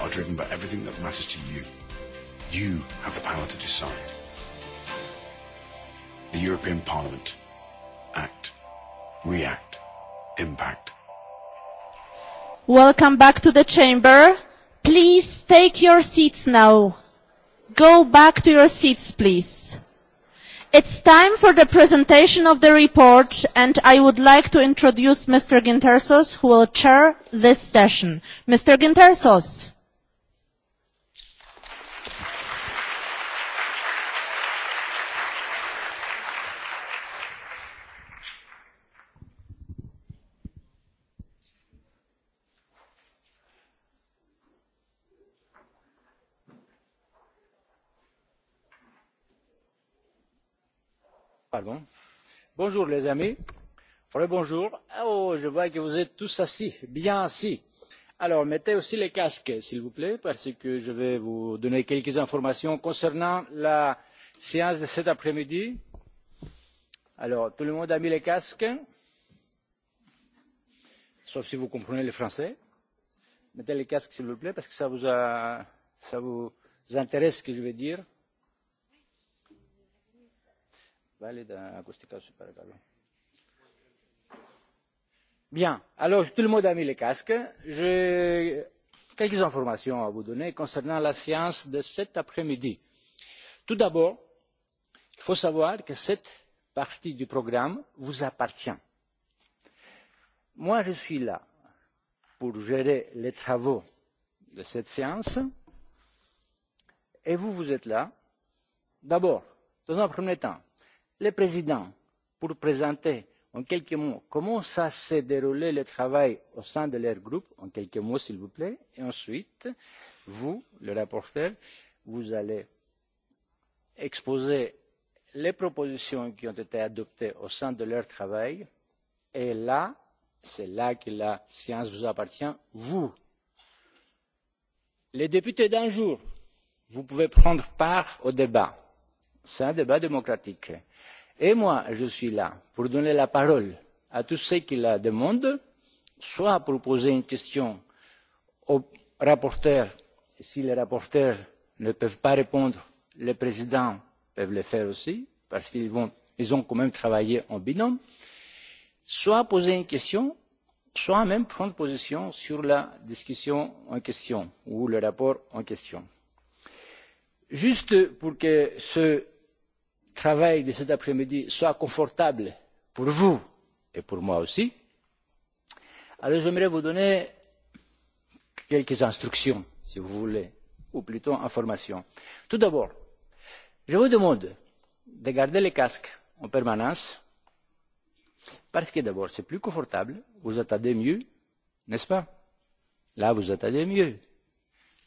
are driven by everything that matters to you. You have the power to decide. The European Parliament. Act. React. Impact. Welcome back to the chamber. Please take your seats now. Go back to your seats, please. It's time for the presentation of the report, and I would like to introduce Mr. Gintersos, who will chair this session. Mr. Gintersos. Bonjour les amis. Rebonjour. Oh, je vois que vous êtes tous assis, bien assis. Alors, mettez aussi les casques, s'il vous plaît, parce que je vais vous donner quelques informations concernant la séance de cet après-midi. Alors, tout le monde a mis les casques, sauf si vous comprenez le français. Mettez les casques, s'il vous plaît, parce que ça vous, ça vous intéresse ce que je vais dire. Βάλε τα ακουστικά σου παρακαλώ. Bien. Alors, tout le monde a mis les casques. J'ai quelques informations à vous donner concernant la science de cet après-midi. Tout d'abord, il faut savoir que cette partie du programme vous appartient. Moi, je suis là pour gérer les travaux de cette séance. Et vous, vous êtes là, d'abord, dans un premier temps, le président pour présenter en quelques mots comment s'est déroulé le travail au sein de leur groupe en quelques mots s'il vous plaît et ensuite vous le rapporteur vous allez exposer les propositions qui ont été adoptées au sein de leur travail et là c'est là que la science vous appartient vous les députés d'un jour vous pouvez prendre part au débat C'est un débat démocratique. Et moi, je suis là pour donner la parole à tous ceux qui la demandent, soit pour poser une question au rapporteur, si les rapporteurs ne peuvent pas répondre, les présidents peuvent le faire aussi, parce qu'ils ont quand même travaillé en binôme, soit poser une question, soit même prendre position sur la discussion en question ou le rapport en question. Juste pour que ce travail de cet après-midi soit confortable pour vous et pour moi aussi, alors j'aimerais vous donner quelques instructions, si vous voulez, ou plutôt informations. Tout d'abord, je vous demande de garder les casques en permanence, parce que d'abord c'est plus confortable, vous attendez mieux, n'est-ce pas Là, vous attendez mieux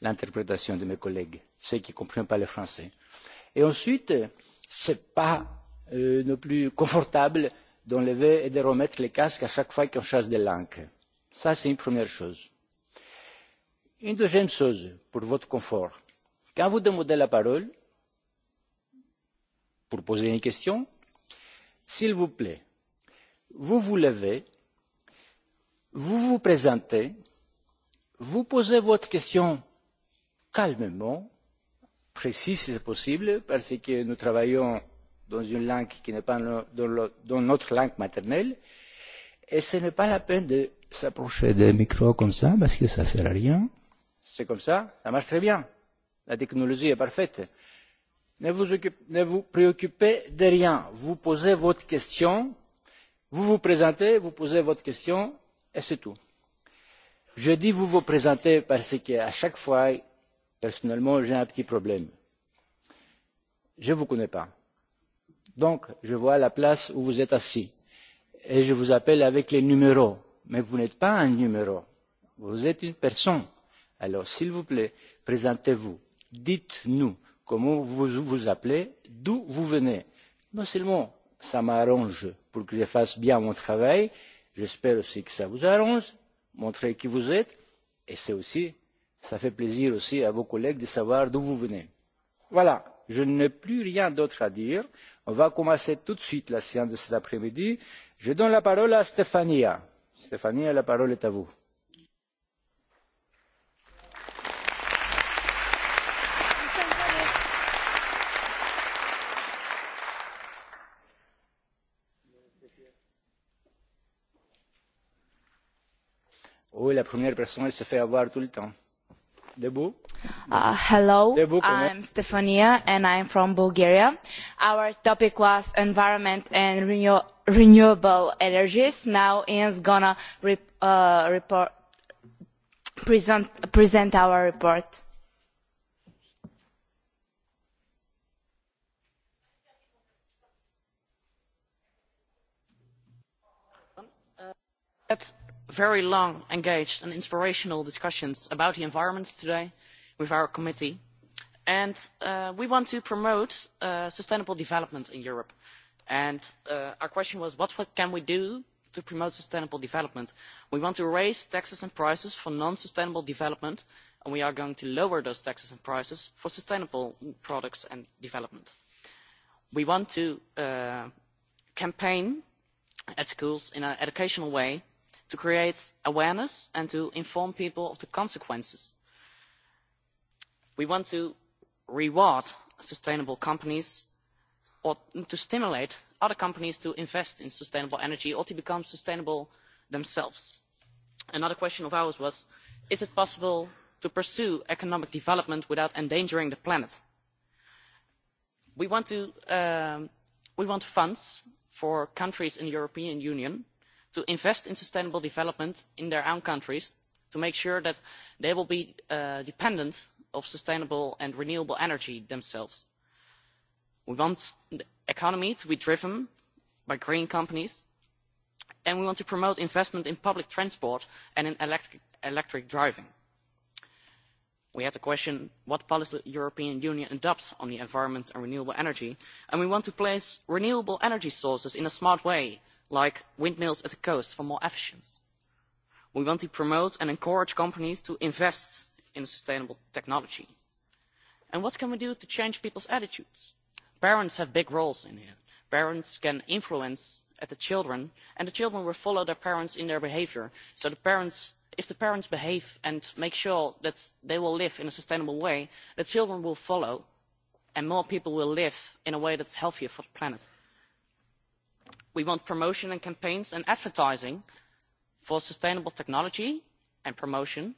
l'interprétation de mes collègues, ceux qui ne comprennent pas le français. Et ensuite, ce n'est pas le plus confortable d'enlever et de remettre les casques à chaque fois qu'on chasse des langues. Ça, c'est une première chose. Une deuxième chose, pour votre confort. Quand vous demandez la parole, pour poser une question, s'il vous plaît, vous vous levez, vous vous présentez, vous posez votre question calmement, précis si possible parce que nous travaillons dans une langue qui n'est pas dans notre langue maternelle et ce n'est pas la peine de s'approcher des micros comme ça parce que ça ne sert à rien. C'est comme ça, ça marche très bien. La technologie est parfaite. Ne vous, ne vous préoccupez de rien. Vous posez votre question, vous vous présentez, vous posez votre question et c'est tout. Je dis vous vous présentez parce qu'à chaque fois, Personnellement, j'ai un petit problème. Je ne vous connais pas. Donc, je vois la place où vous êtes assis. Et je vous appelle avec les numéros. Mais vous n'êtes pas un numéro. Vous êtes une personne. Alors, s'il vous plaît, présentez-vous. Dites-nous comment vous vous appelez, d'où vous venez. Non seulement ça m'arrange pour que je fasse bien mon travail, j'espère aussi que ça vous arrange, montrez qui vous êtes, et c'est aussi Ça fait plaisir aussi à vos collègues de savoir d'où vous venez. Voilà, je n'ai plus rien d'autre à dire. On va commencer tout de suite la séance de cet après-midi. Je donne la parole à Stefania. Stéphania, la parole est à vous. Oui, la première personne, elle se fait avoir tout le temps. Hello, I'm Stefania and I'm from Bulgaria. Our topic was environment and renewable energies. Now Ian's to present our report very long, engaged and inspirational discussions about the environment today with our committee. And we want to promote sustainable development in Europe. And our question was, what can we do to promote sustainable development? We want to raise taxes and prices for non-sustainable development, and we are going to lower those taxes and prices for sustainable products and development. We want to campaign at schools in an educational way to create awareness and to inform people of the consequences. We want to reward sustainable companies or to stimulate other companies to invest in sustainable energy or to become sustainable themselves. Another question of ours was, is it possible to pursue economic development without endangering the planet? We want funds for countries in the European Union to invest in sustainable development in their own countries to make sure that they will be dependent on sustainable and renewable energy themselves. We want the economy to be driven by green companies and we want to promote investment in public transport and in electric driving. We have to question what policy the European Union adopts on the environment and renewable energy, and we want to place renewable energy sources in a smart way like windmills at the coast for more efficiency. We want to promote and encourage companies to invest in sustainable technology. And what can we do to change people's attitudes? Parents have big roles in here. Parents can influence at the children, and the children will follow their parents in their behaviour. So the parents, if the parents behave and make sure that they will live in a sustainable way, the children will follow, and more people will live in a way that's healthier for the planet we want promotion and campaigns and advertising for sustainable technology and promotion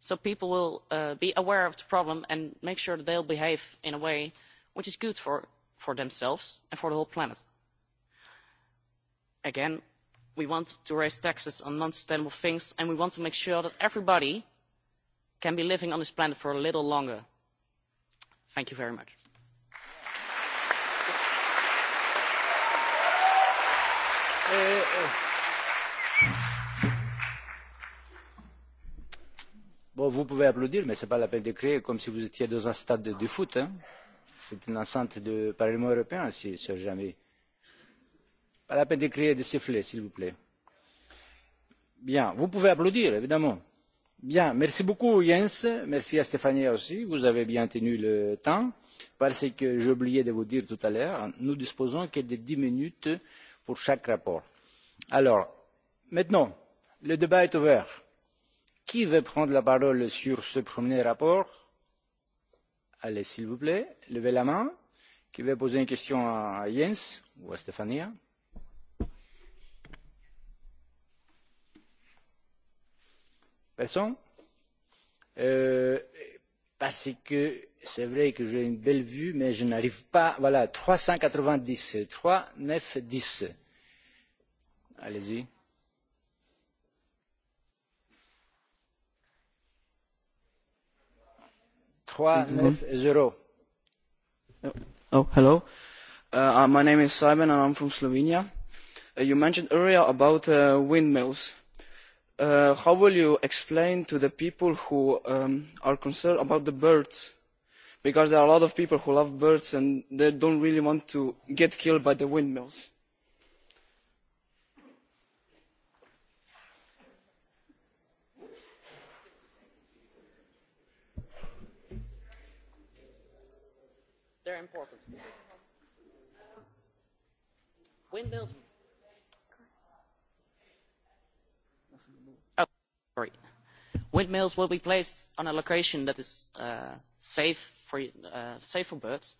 so people will be aware of the problem and make sure that they'll behave in a way which is good for for themselves and for the whole planet. Again, we want to raise taxes on non-sustainable things and we want to make sure that everybody can be living on this planet for a little longer. Thank you very much. Bon, vous pouvez applaudir, mais ce n'est pas la peine de crier comme si vous étiez dans un stade de foot. C'est une enceinte du Parlement européen, si jamais. Pas la peine de crier et de siffler, s'il vous plaît. Bien, vous pouvez applaudir, évidemment. Bien, merci beaucoup Jens, merci à Stéphanie aussi, vous avez bien tenu le temps, parce que j'ai oublié de vous dire tout à l'heure, nous disposons que de dix minutes pour chaque rapport. Alors, maintenant, le débat est ouvert. Qui veut prendre la parole sur ce premier rapport Allez, s'il vous plaît, levez la main. Qui veut poser une question à Jens ou à Stefania Personne Parce que c'est vrai que j'ai une belle vue, mais je n'arrive pas. Voilà, 390, 3, 9, 10. Allez-y. Oh, hello. my name is Simon and I'm from Slovenia. you mentioned earlier about windmills. how will you explain to the people who are concerned about the birds? Because there are a lot of people who love birds and they don't really want to get killed by the windmills important. Windmills. Oh, sorry. Windmills will be placed on a location that is uh, safe for uh, safe for birds.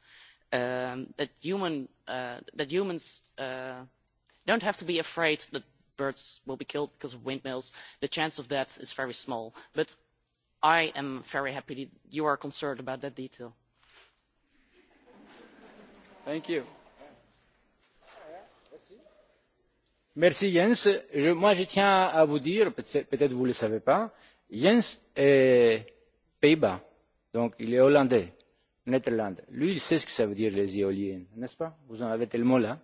Um, that human uh, that humans uh, don't have to be afraid that birds will be killed because of windmills. The chance of that is very small. But I am very happy that you are concerned about that detail. Thank you. Merci Jens. Je, moi, je tiens à vous dire, peut-être vous ne le savez pas, Jens est Pays-Bas, donc il est hollandais, Netherlands. Lui, il sait ce que ça veut dire les éoliennes, n'est-ce pas Vous en avez tellement là.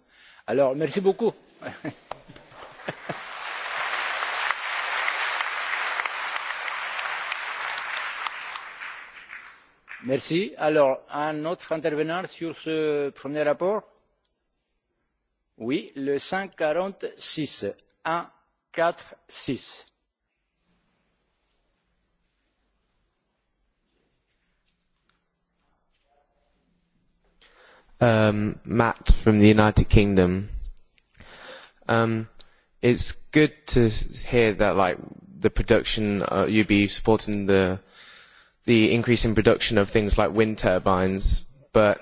Alors, merci beaucoup. Merci. Alors, un autre intervenant sur ce premier rapport Oui, le 146. 1, 4, 6. Um, Matt from the United Kingdom. Um, it's good to hear that, like, the production, uh, you'd be supporting the the increase in production of things like wind turbines, but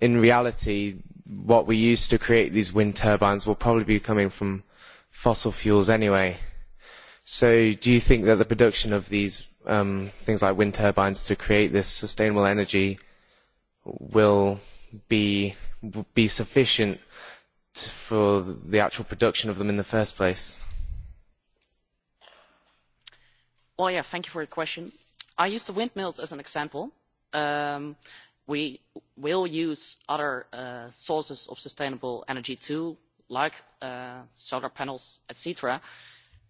in reality, what we use to create these wind turbines will probably be coming from fossil fuels anyway. So do you think that the production of these things like wind turbines to create this sustainable energy will be sufficient for the actual production of them in the first place? Well, yeah, thank you for your question I use the windmills as an example. We will use other sources of sustainable energy too, like solar panels, etc.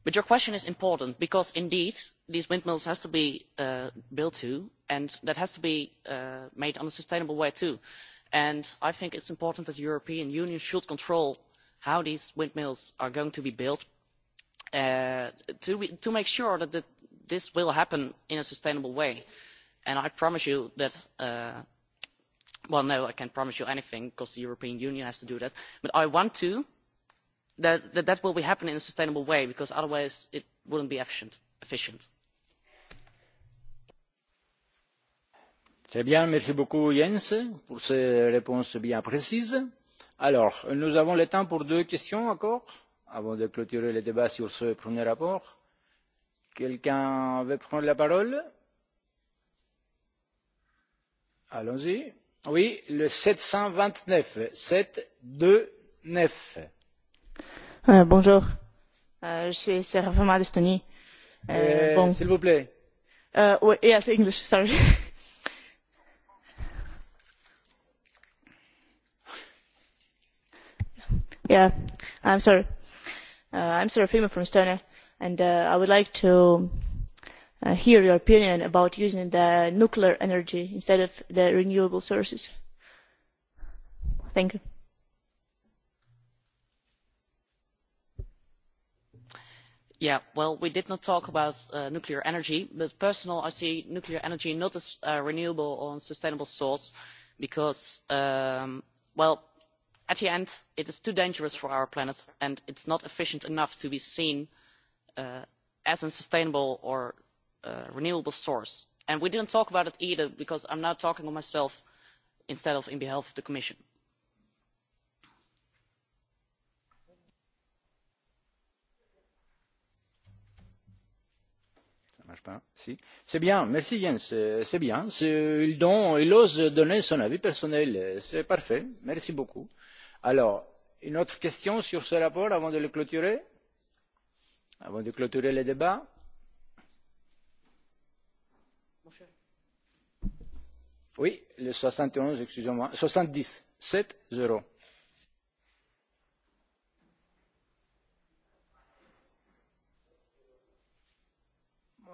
But your question is important because indeed these windmills have to be built too, and that has to be made on a sustainable way too. And I think it's important that the European Union should control how these windmills are going to be built to make sure that the this will happen in a sustainable way. And I promise you that, well, no, I can't promise you anything because the European Union has to do that. But I want to, that that will be happening in a sustainable way because otherwise it wouldn't be efficient. Très bien, merci beaucoup Jens pour ces réponses bien précises. Alors, nous avons le temps pour deux questions encore avant de clôturer le débat sur ce premier rapport. Quelqu'un veut prendre la parole Allons-y. Oui, le 729. 729. Euh, bonjour. Euh, je suis Serafima d'Estonie. Euh, bon. S'il vous plaît. Uh, wait, yes, English, sorry. yeah, I'm sorry. Uh, I'm Serafima from Estonia and I would like to hear your opinion about using the nuclear energy instead of the renewable sources. Thank you. Yeah, well, we did not talk about nuclear energy, but personal, I see nuclear energy not as a renewable or sustainable source because, well, at the end, it is too dangerous for our planet and it's not efficient enough to be seen as a sustainable or renewable source. And we didn't talk about it either because I'm now talking on myself instead of in behalf of the Commission. C'est bien, merci Jens, c'est bien. Il ose donner son avis personnel, c'est parfait, merci beaucoup. Alors, une autre question sur ce rapport avant de le clôturer Avant de clôturer le débat, oui, le 71, excusez-moi, 70, 7, 0.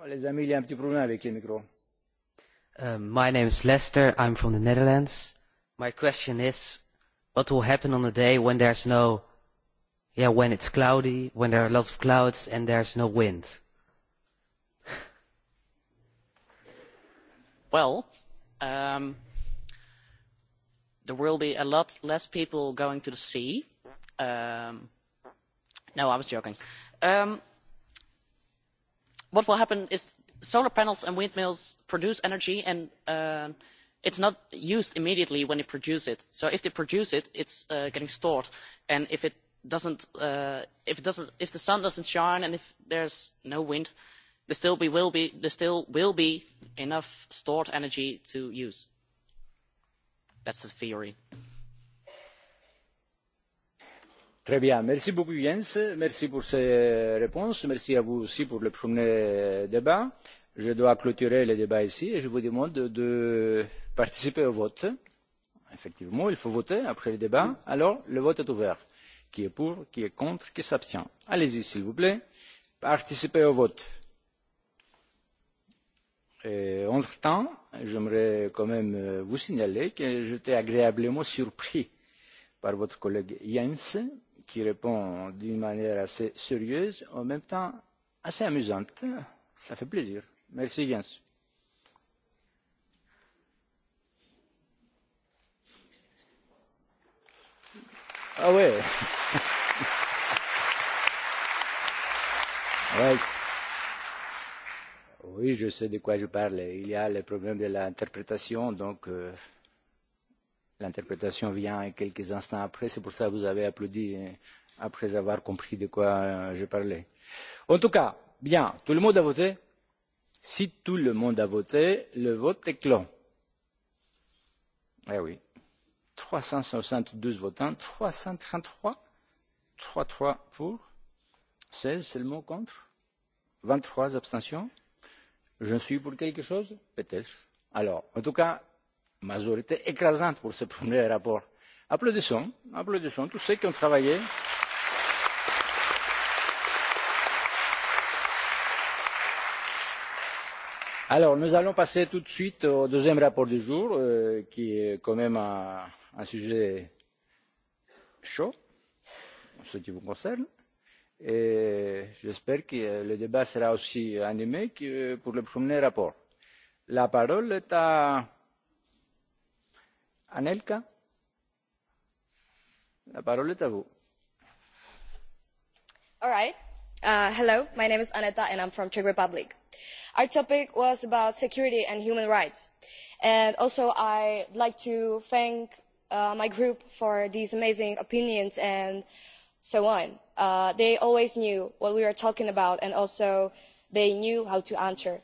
Les amis, il y a un petit problème avec les micros. My name is Lester. I'm from the Netherlands. My question is, what will happen on the day when there's no yeah, when it's cloudy, when there are lots of clouds and there's no wind? Well, um, there will be a lot less people going to the sea. Um, no, I was joking. Um, what will happen is solar panels and windmills produce energy and it's not used immediately when they produce it. So if they produce it, it's uh, getting stored. And if it doesn't if it doesn't if the sun doesn't shine and if there's no wind there still be will be there still will be enough stored energy to use that's the theory Très bien. Merci beaucoup, Jens. Merci pour ces réponses. Merci à vous aussi pour le premier débat. Je dois clôturer le débat ici et je vous demande de participer au vote. Effectivement, il faut voter après le débat. Alors, le vote est ouvert qui est pour, qui est contre, qui s'abstient. Allez-y, s'il vous plaît, participez au vote. Entre-temps, j'aimerais quand même vous signaler que j'étais agréablement surpris par votre collègue Jens, qui répond d'une manière assez sérieuse, en même temps assez amusante. Ça fait plaisir. Merci Jens. Ah ouais. Oui, je sais de quoi je parle. Il y a le problème de l'interprétation, donc l'interprétation vient quelques instants après. C'est pour ça que vous avez applaudi après avoir compris de quoi je parlais. En tout cas, bien, tout le monde a voté Si tout le monde a voté, le vote est clos. Eh oui 362 votants, 333, 33 pour, 16 seulement contre, 23 abstentions. Je suis pour quelque chose Peut-être. Alors, en tout cas, majorité écrasante pour ce premier rapport. Applaudissons, applaudissons tous ceux qui ont travaillé. Alors, nous allons passer tout de suite au deuxième rapport du jour, qui est quand même un sujet chaud, en ce qui vous concerne. Et j'espère que le débat sera aussi animé que pour le premier rapport. La parole est à Anelka. La parole est à vous. All right hello my name is aneta and i'm from czech republic our topic was about security and human rights and also i'd like to thank my group for these amazing opinions and so on they always knew what we were talking about and also they knew how to answer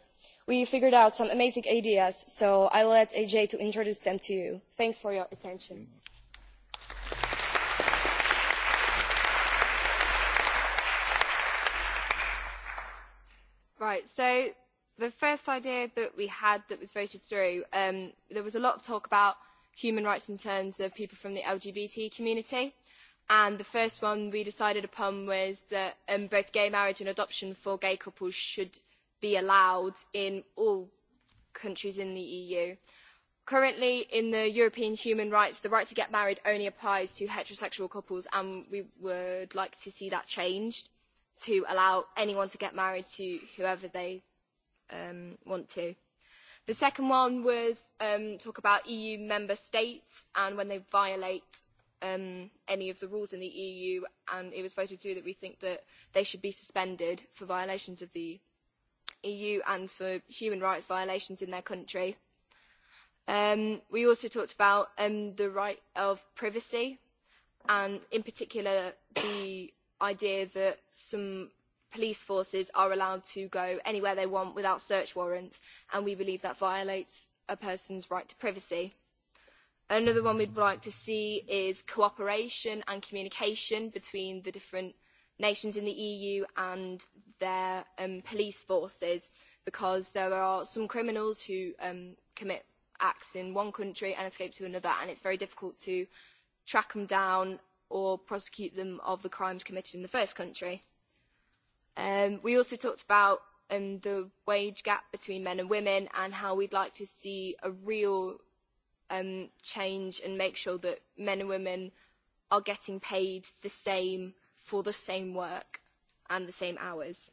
we figured out some amazing ideas so i will let aj to introduce them to you thanks for your attention Right, so the first idea that we had that was voted through, um, there was a lot of talk about human rights in terms of people from the LGBT community. And the first one we decided upon was that um, both gay marriage and adoption for gay couples should be allowed in all countries in the EU. Currently, in the European human rights, the right to get married only applies to heterosexual couples, and we would like to see that changed to allow anyone to get married to whoever they want to. The second one was talk about EU member states and when they violate any of the rules in the EU, and it was voted through that we think that they should be suspended for violations of the EU and for human rights violations in their country. We also talked about the right of privacy, and in particular the idea that some police forces are allowed to go anywhere they want without search warrants, and we believe that violates a person's right to privacy. Another one we'd like to see is cooperation and communication between the different nations in the EU and their police forces, because there are some criminals who commit acts in one country and escape to another, and it's very difficult to track them down or prosecute them of the crimes committed in the first country. We also talked about the wage gap between men and women and how we'd like to see a real um change and make sure that men and women are getting paid the same for the same work and the same hours.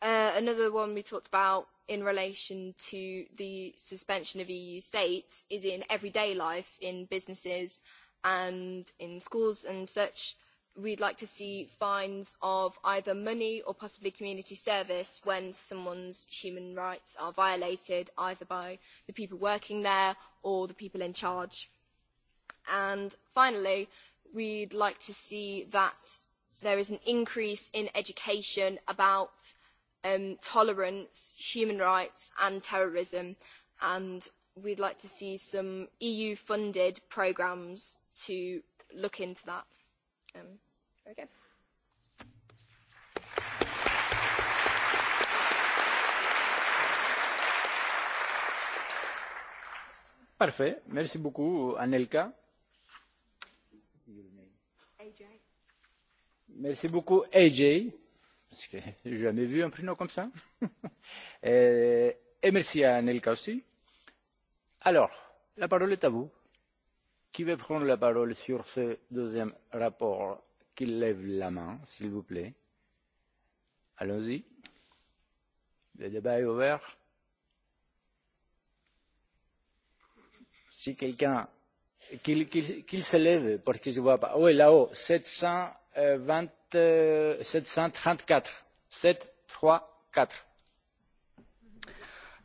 Another one we talked about in relation to the suspension of EU states is in everyday life, in businesses and in schools and such, we'd like to see fines of either money or possibly community service when someone's human rights are violated, either by the people working there or the people in charge. And finally, we'd like to see that there is an increase in education about tolerance, human rights and terrorism, and we'd like to see some EU-funded programmes to look into that. Um, there we Parfait. Merci beaucoup, Anelka. AJ. Merci beaucoup, AJ. Parce que je n'ai jamais vu un prénom comme ça. et, et merci à Anelka aussi. Alors, la parole est à vous. Qui veut prendre la parole sur ce deuxième rapport Qu'il lève la main, s'il vous plaît. Allons-y. Le débat est ouvert. Si quelqu'un. Qu'il se lève, parce que je ne vois pas. Oui, là-haut, 734. 734.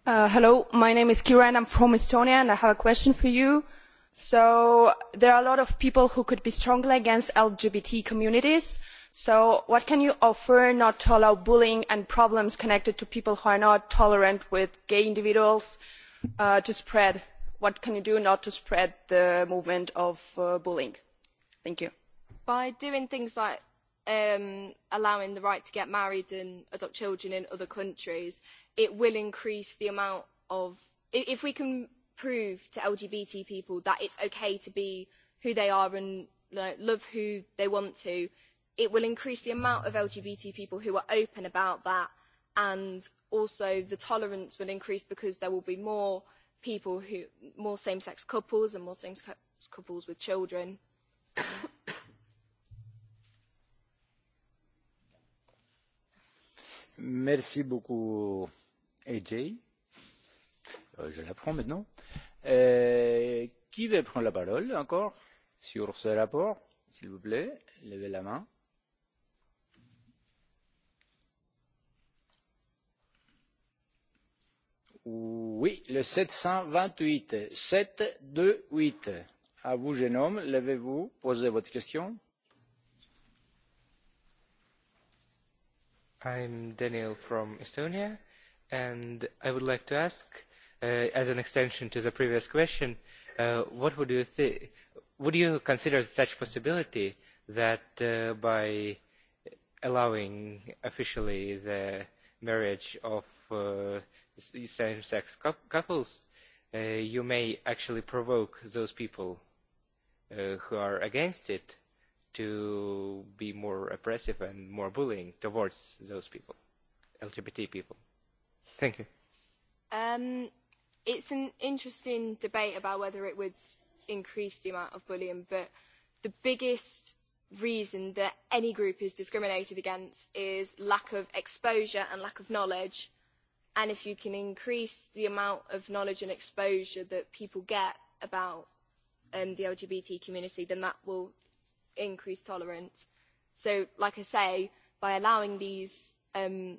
Hello, my name is Kiran, I'm from Estonia, and I have a question for you So there are a lot of people who could be strongly against LGBT communities. So what can you offer not to allow bullying and problems connected to people who are not tolerant with gay individuals to spread? What can you do not to spread the movement of bullying? Thank you. By doing things like allowing the right to get married and adopt children in other countries, it will increase the amount of. If we can prove to LGBT people that it's okay to be who they are and love who they want to, it will increase the amount of LGBT people who are open about that and also the tolerance will increase because there will be more people who, more same-sex couples and more same-sex couples with children. Merci beaucoup, AJ je la prends maintenant. Qui veut prendre la parole encore sur ce rapport S'il vous plaît, levez la main. Oui, le 728. 728. À vous, jeune homme, levez-vous, posez votre question. I'm Daniel from Estonia, and I would like to ask as an extension to the previous question, what would you think? Would you consider such possibility that by allowing officially the marriage of same-sex couples, you may actually provoke those people who are against it to be more oppressive and more bullying towards those people, LGBT people? Thank you it's an interesting debate about whether it would increase the amount of bullying, but the biggest reason that any group is discriminated against is lack of exposure and lack of knowledge. And if you can increase the amount of knowledge and exposure that people get about the LGBT community, then that will increase tolerance. So, like I say, by allowing these um,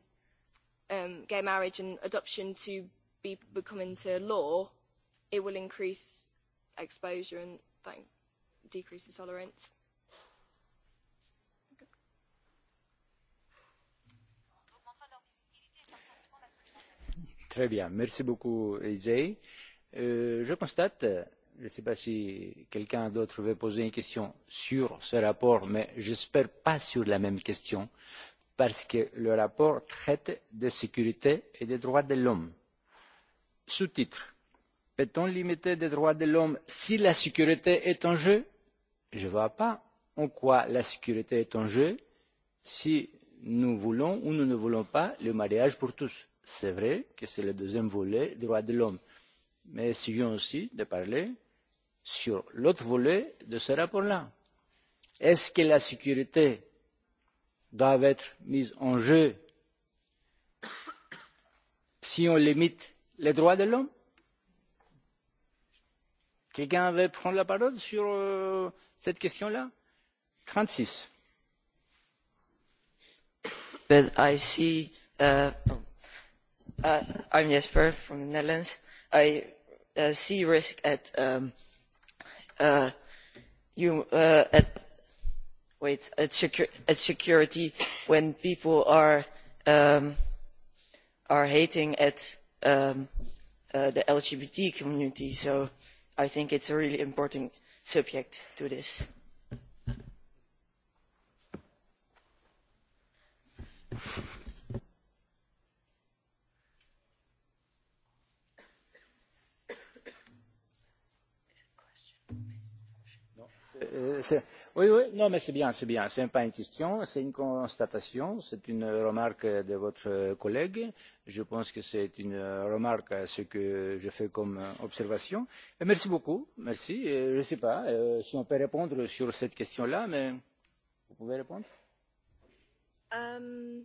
um, gay marriage and adoption to be become into law, it will increase exposure and decrease the tolerance. Très bien, merci beaucoup, Euh, Je constate, je ne sais pas si quelqu'un d'autre veut poser une question sur ce rapport, mais j'espère pas sur la même question, parce que le rapport traite de sécurité et des droits de l'homme Sous titre Peut on limiter les droits de l'homme si la sécurité est en jeu? Je ne vois pas en quoi la sécurité est en jeu si nous voulons ou nous ne voulons pas le mariage pour tous. C'est vrai que c'est le deuxième volet des droits de l'homme, mais essayons aussi de parler sur l'autre volet de ce rapport là. Est ce que la sécurité doit être mise en jeu si on limite les droits de l'homme Quelqu'un veut prendre la parole sur cette question-là 36. But I see, uh, uh, I'm Jesper from the Netherlands. I uh, see risk at um, uh, you uh, at wait at, secu at security when people are um, are hating at the lgbt community so i think it's a really important subject to this. Oui, oui, non, mais c'est bien, c'est bien. Ce n'est pas une question, c'est une constatation, c'est une remarque de votre collègue. Je pense que c'est une remarque à ce que je fais comme observation. Et merci beaucoup, merci. Je ne sais pas si on peut répondre sur cette question-là, mais vous pouvez répondre. Um,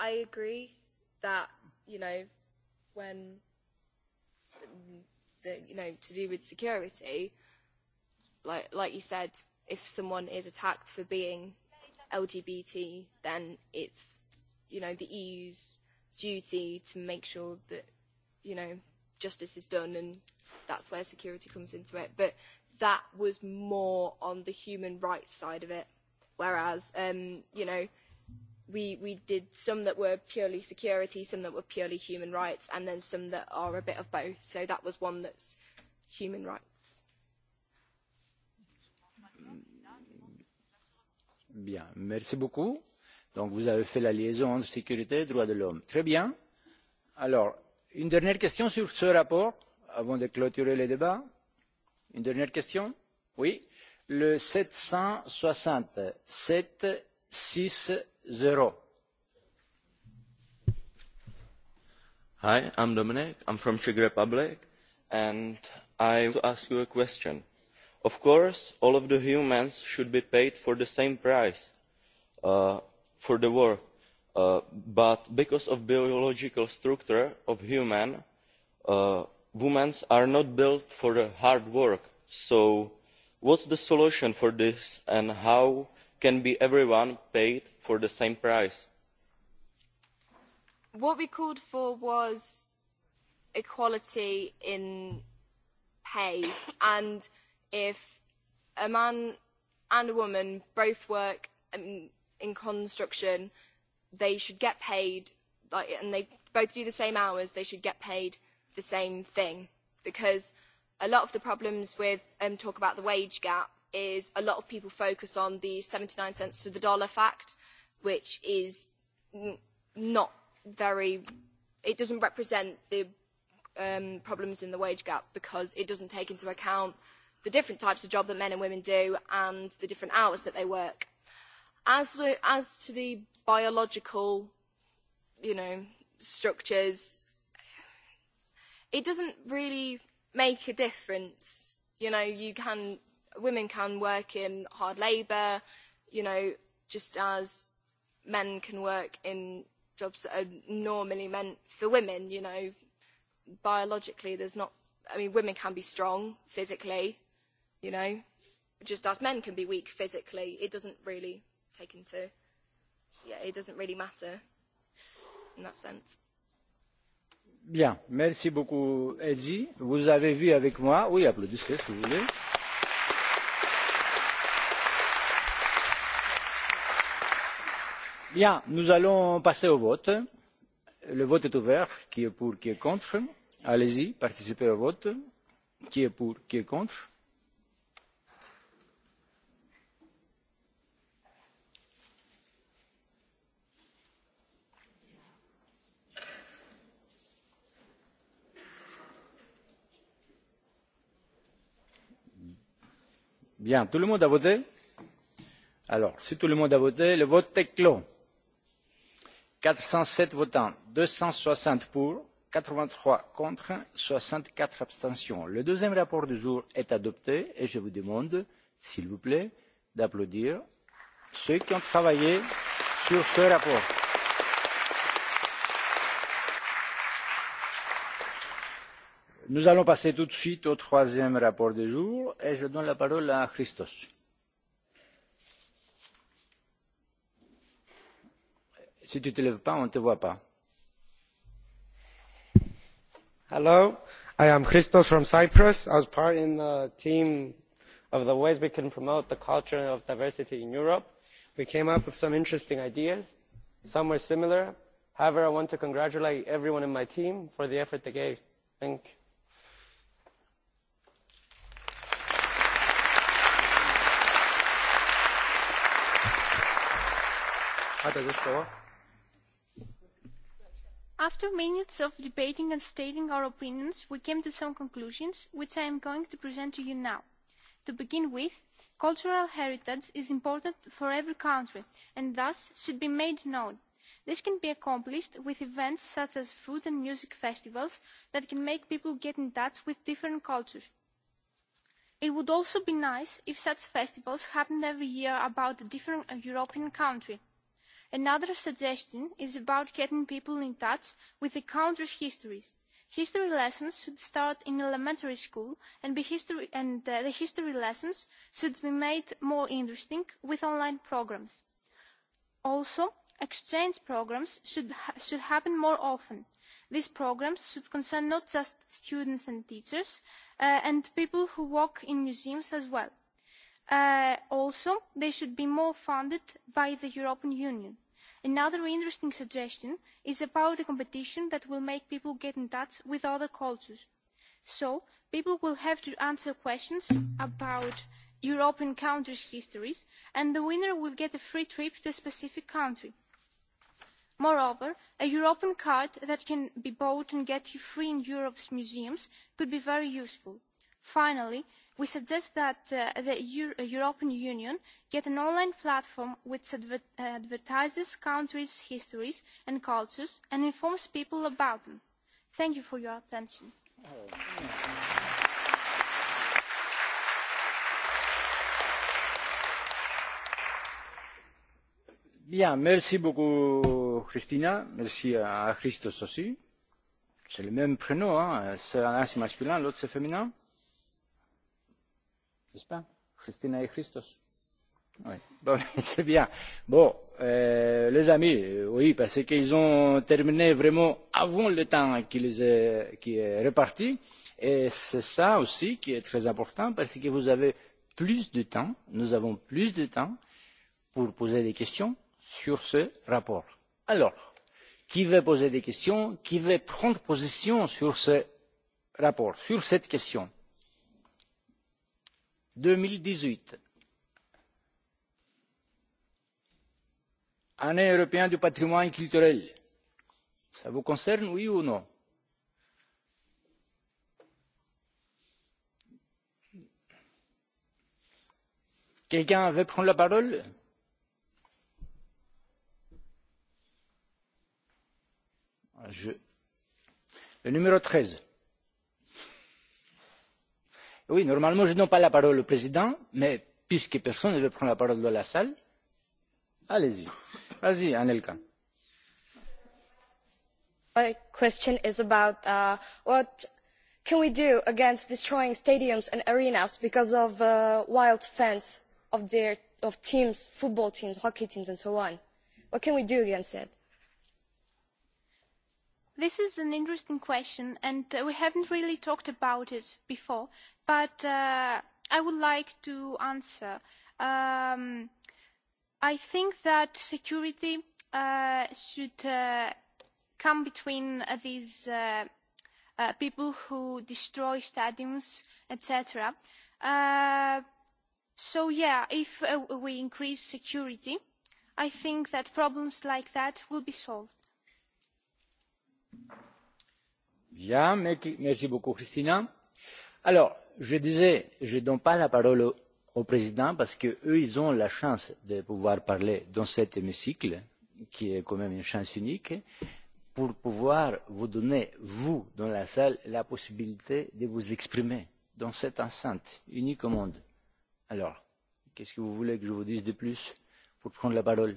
I agree that, you know, when, the, you know, to do with security, like, like you said, if someone is attacked for being LGBT, then it's, you know, the EU's duty to make sure that, you know, justice is done and that's where security comes into it. But that was more on the human rights side of it. Whereas, um, you know, we, we did some that were purely security, some that were purely human rights, and then some that are a bit of both. So that was one that's human rights. Bien, merci beaucoup. Donc vous avez fait la liaison entre sécurité et droits de l'homme. Très bien. Alors, une dernière question sur ce rapport, avant de clôturer le débat. Une dernière question Oui. Le 767 6 0. Hi, I'm Dominic. I'm from Czech Republic. And I want to ask you a question Of course, all of the humans should be paid for the same price for the work, but because of the biological structure of humans, women are not built for hard work. So, what is the solution for this, and how can be everyone paid for the same price? What we called for was equality in pay and if a man and a woman both work in construction, they should get paid, and they both do the same hours, they should get paid the same thing. Because a lot of the problems with talk about the wage gap is a lot of people focus on the 79 cents to the dollar fact, which is not very, it doesn't represent the problems in the wage gap because it doesn't take into account the different types of job that men and women do and the different hours that they work. As to the biological, you know, structures, it doesn't really make a difference. You know, you can, women can work in hard labour, you know, just as men can work in jobs that are normally meant for women, you know, biologically there's not, I mean, women can be strong physically, you know just as men can be weak physically it doesn't really take into yeah it doesn't really matter in that sense bien merci beaucoup Edgy vous avez vu avec moi oui applaudissez si vous voulez bien nous allons passer au vote le vote est ouvert qui est pour qui est contre allez-y participez au vote qui est pour qui est contre Bien, tout le monde a voté Alors, si tout le monde a voté, le vote est clos. 407 votants, 260 pour, 83 contre, 64 abstentions. Le deuxième rapport du jour est adopté et je vous demande, s'il vous plaît, d'applaudir ceux qui ont travaillé sur ce rapport. Nous allons passer tout de suite au troisième rapport du jour et je donne la parole à Christos. Si tu ne te lèves pas, on ne te voit pas. Hello, I am Christos from Cyprus. I was part in the team of the ways we can promote the culture of diversity in Europe. We came up with some interesting ideas. Some were similar. However, I want to congratulate everyone in my team for the effort they gave. Thank you. After minutes of debating and stating our opinions, we came to some conclusions, which I am going to present to you now. To begin with, cultural heritage is important for every country and thus should be made known. This can be accomplished with events such as food and music festivals that can make people get in touch with different cultures. It would also be nice if such festivals happened every year about a different European country. Another suggestion is about getting people in touch with the country's histories. History lessons should start in elementary school and be and the history lessons should be made more interesting with online programs. Also, exchange programs should happen more often. These programs should concern not just students and teachers and people who work in museums as well. Also, they should be more funded by the European Union. Another interesting suggestion is about a competition that will make people get in touch with other cultures. So, people will have to answer questions about European countries' histories, and the winner will get a free trip to a specific country. Moreover, a European card that can be bought and get you free in Europe's museums could be very useful. Finally, we suggest that the European Union get an online platform which advertises countries' histories and cultures and informs people about them. Thank you for your attention. merci beaucoup aussi. C'est masculin, l'autre c'est n'est-ce pas Christina et Christos. Oui, bon, c'est bien. Bon, euh, les amis, oui, parce qu'ils ont terminé vraiment avant le temps qui, les est, qui est réparti. Et c'est ça aussi qui est très important, parce que vous avez plus de temps, nous avons plus de temps pour poser des questions sur ce rapport. Alors, qui veut poser des questions Qui veut prendre position sur ce rapport, sur cette question deux mille dix huit année européenne du patrimoine culturel ça vous concerne oui ou non? quelqu'un veut prendre la parole? le numéro treize Oui, normalement, je donne pas la parole au président, mais puisque personne ne veut prendre la parole dans la salle, allez-y. Vas-y, Anelka. My question is about what can we do against destroying stadiums and arenas because of wild fans of their teams, football teams, hockey teams, and so on. What can we do against it? This is an interesting question, and we haven't really talked about it before, but I would like to answer. I think that security should come between these people who destroy stadiums, etc. So, yeah, if we increase security, I think that problems like that will be solved. Bien, merci beaucoup Christina. Alors, je disais, je ne donne pas la parole au président parce qu'eux, ils ont la chance de pouvoir parler dans cet hémicycle, qui est quand même une chance unique, pour pouvoir vous donner, vous, dans la salle, la possibilité de vous exprimer dans cette enceinte unique au monde. Alors, qu'est-ce que vous voulez que je vous dise de plus pour prendre la parole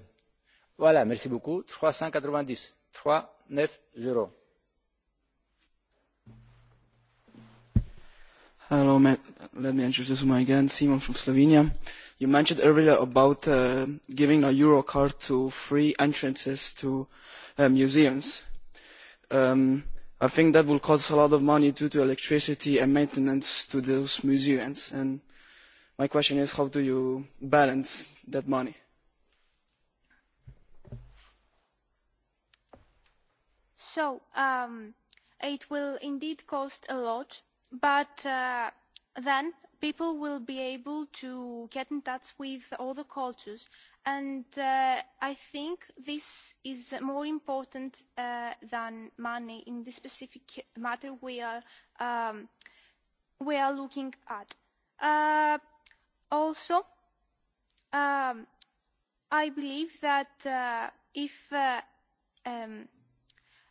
Voilà, merci beaucoup. 390, zéro. Hello, let me introduce you again, Simon from Slovenia. You mentioned earlier about giving a Euro card to free entrances to museums. I think that will cost a lot of money due to electricity and maintenance to those museums. And my question is, how do you balance that money? So, it will indeed cost a lot but then people will be able to get in touch with all the cultures and I think this is more important than money in this specific matter we are we are looking at. Also, I believe that if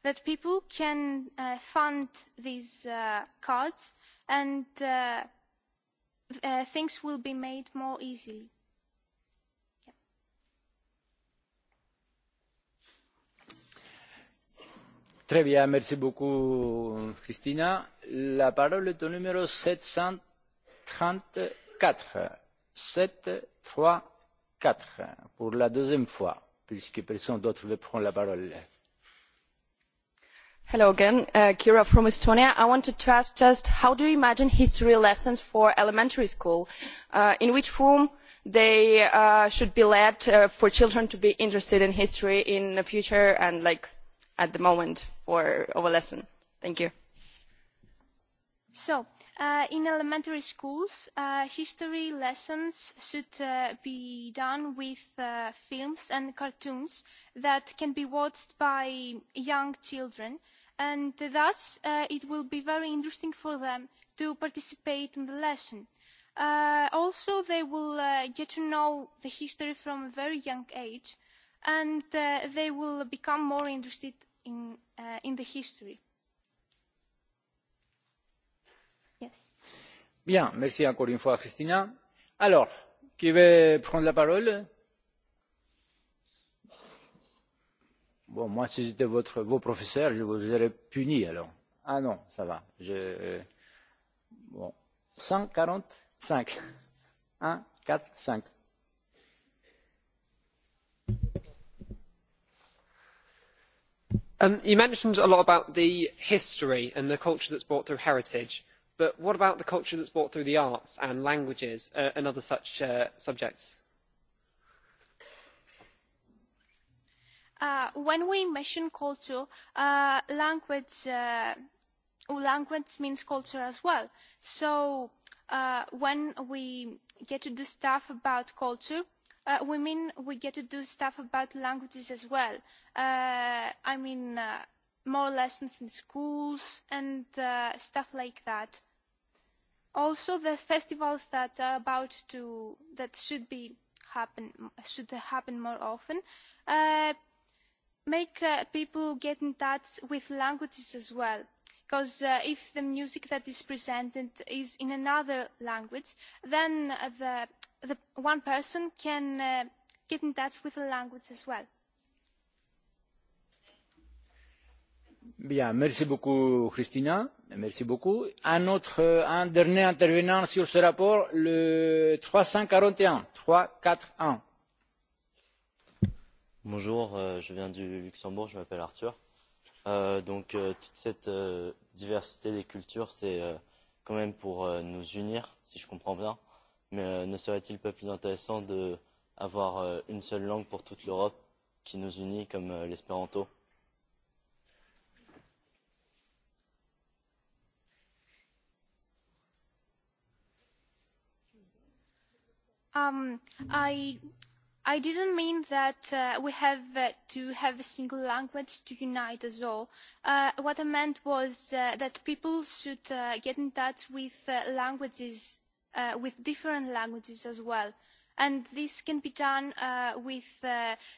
that people can fund these cards and things will be made more easily. Très bien, merci beaucoup Christina. La parole est au numéro 734. 734 pour la deuxième fois, puisque personne d'autre veut prendre la parole. Hello again, Kira from Estonia. I wanted to ask just how do you imagine history lessons for elementary school? In which form they should be led for children to be interested in history in the future and like at the moment for our lesson? Thank you. So, in elementary schools, history lessons should be done with films and cartoons that can be watched by young children and thus it will be very interesting for them to participate in the lesson. Also, they will get to know the history from a very young age and they will become more interested in the history. Yes. Bien, merci Alors, qui veut prendre la parole Bon, moi, si j'étais votre, vos professeurs, je vous aurais puni alors. Ah non, ça va. Je, bon. 145. 1, 4, 5. Um, you mentioned a lot about the history and the culture that's brought through heritage, but what about the culture that's brought through the arts and languages uh, and other such uh, subjects? when we mention culture, language language means culture as well. So when we get to do stuff about culture, we mean we get to do stuff about languages as well. I mean more lessons in schools and stuff like that. Also the festivals that are about to that should be happen should happen more often make people get in touch with languages as well because if the music that is presented is in another language then the one person can get in touch with the language as well. Bien, merci beaucoup Christina, merci beaucoup. Un autre, un dernier intervenant sur ce rapport, le 341, 341. Bonjour, je viens du Luxembourg, je m'appelle Arthur. Donc toute cette diversité des cultures, c'est quand même pour nous unir, si je comprends bien. Mais ne serait-il pas plus intéressant d'avoir une seule langue pour toute l'Europe qui nous unit comme l'espéranto I I didn't mean that we have to have a single language to unite us all. What I meant was that people should get in touch with languages, with different languages as well. And this can be done with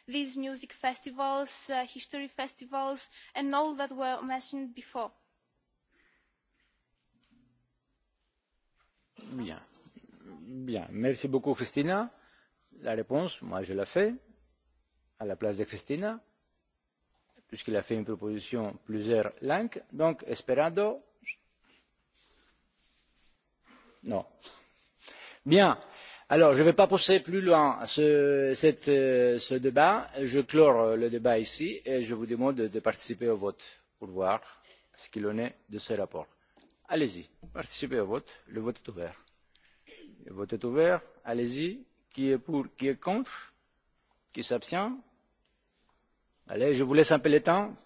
these music festivals, history festivals, and all that were mentioned before la réponse, moi je la fais, à la place de Christina, puisqu'il a fait une proposition plusieurs langues, donc esperando. Non. Bien. Alors, je ne vais pas pousser plus loin ce, cette, ce débat. Je clore le débat ici et je vous demande de participer au vote pour voir ce qu'il en est de ce rapport. Allez-y, participez au vote. Le vote est ouvert. Le vote est ouvert. Allez-y, Qui est pour Qui est contre Qui s'abstient Allez, je vous laisse un peu le temps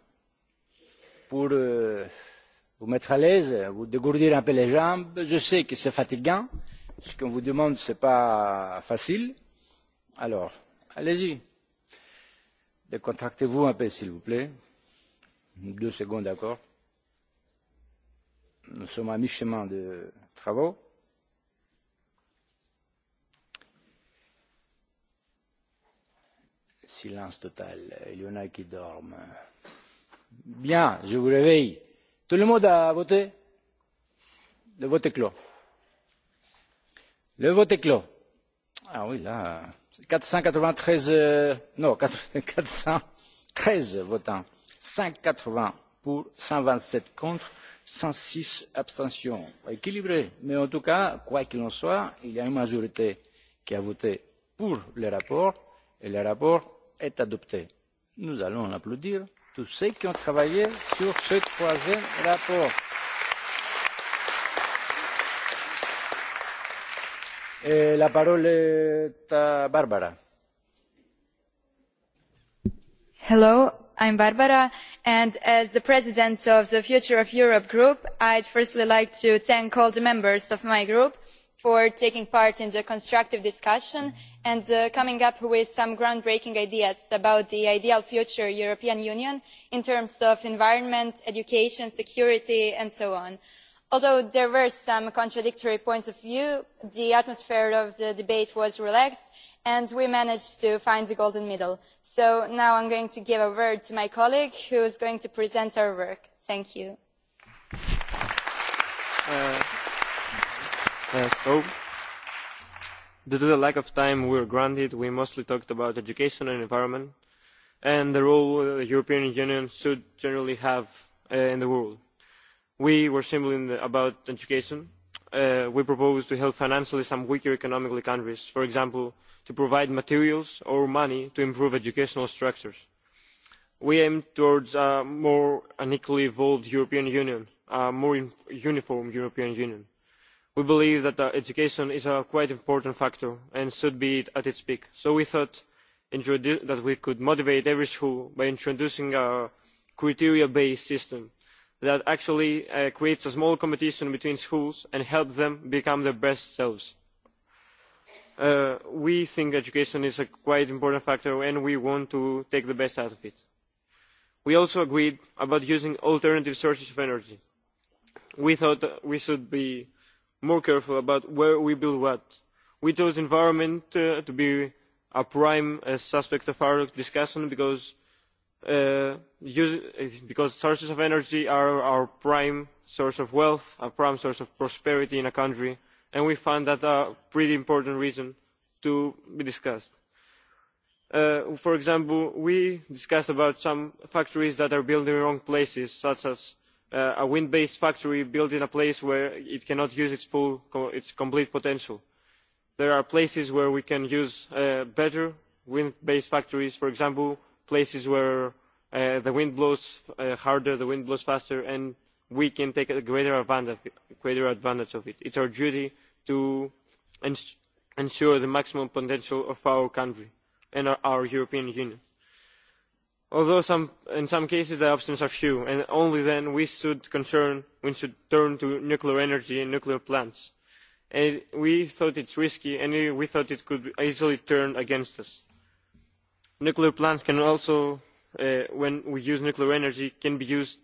pour vous mettre à l'aise, vous dégourdir un peu les jambes. Je sais que c'est fatigant. Ce qu'on vous demande, ce n'est pas facile. Alors, allez-y. Décontractez-vous un peu, s'il vous plaît. Deux secondes, d'accord Nous sommes à mi-chemin de travaux. silence total. Il y en a qui dorment. Bien, je vous réveille. Tout le monde a voté Le vote est clos. Le vote est clos. Ah oui, là, 493, euh, non, 413 votants. 580 pour, 127 contre, 106 abstentions. Équilibré. Mais en tout cas, quoi qu'il en soit, il y a une majorité qui a voté pour le rapport et le rapport est adopté. Nous allons applaudir tous ceux qui ont travaillé sur ce troisième rapport. La parole est à Barbara. Hello, I'm Barbara, and as the President of the Future of Europe group, I'd firstly like to thank all the members of my group for taking part in the constructive discussion and coming up with some groundbreaking ideas about the ideal future European Union in terms of environment, education, security and so on. Although there were some contradictory points of view, the atmosphere of the debate was relaxed and we managed to find the golden middle. So now I'm going to give a word to my colleague who is going to present our work. Thank you. So, due to the lack of time we were granted, we mostly talked about education and environment, and the role the European Union should generally have in the world. We were simply about education. We proposed to help financially some weaker economically countries, for example, to provide materials or money to improve educational structures. We aim towards a more unequally evolved European Union, a more uniform European Union we believe that education is a quite important factor and should be at its peak so we thought that we could motivate every school by introducing a criteria based system that actually creates a small competition between schools and helps them become their best selves. we think education is a quite important factor and we want to take the best out of it. we also agreed about using alternative sources of energy. we thought we should be more careful about where we build what. We chose environment to be a prime suspect of our discussion because sources of energy are our prime source of wealth, a prime source of prosperity in a country, and we find that a pretty important reason to be discussed. For example, we discussed about some factories that are built in the wrong places, such as a wind based factory built in a place where it cannot use its full its complete potential. there are places where we can use better wind based factories for example places where the wind blows harder the wind blows faster and we can take a greater advantage of it. it is our duty to ensure the maximum potential of our country and our european union although in some cases the options are few and only then we should should turn to nuclear energy and nuclear plants. we thought it's risky and we thought it could easily turn against us. nuclear plants can also when we use nuclear energy can be used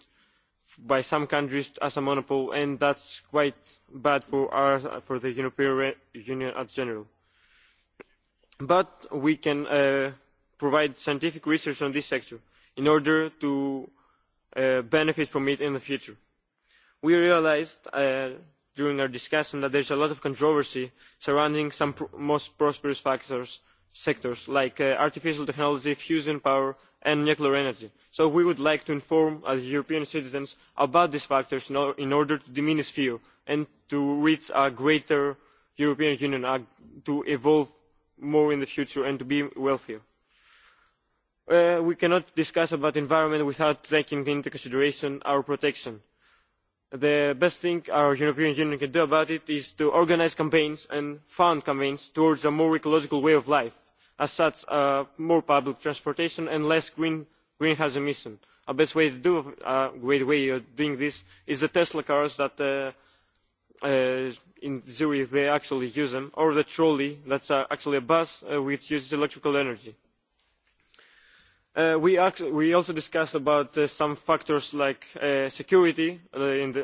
by some countries as a monopoly and that's quite bad for the european union in general. but we can provide scientific research on this sector in order to benefit from it in the future. We realised during our discussion that there is a lot of controversy surrounding some most prosperous sectors like artificial technology, fusion power and nuclear energy. So we would like to inform as European citizens about these factors in order to diminish fear and to reach a greater European Union to evolve more in the future and to be wealthier we cannot discuss about the environment without taking into consideration our protection. the best thing our european union can do about it is to organise campaigns and fund campaigns towards a more ecological way of life as such more public transportation and less greenhouse emissions. A best way of doing this is the tesla cars that in zurich they actually use them or the trolley that is actually a bus which uses electrical energy We also discussed about some factors like security,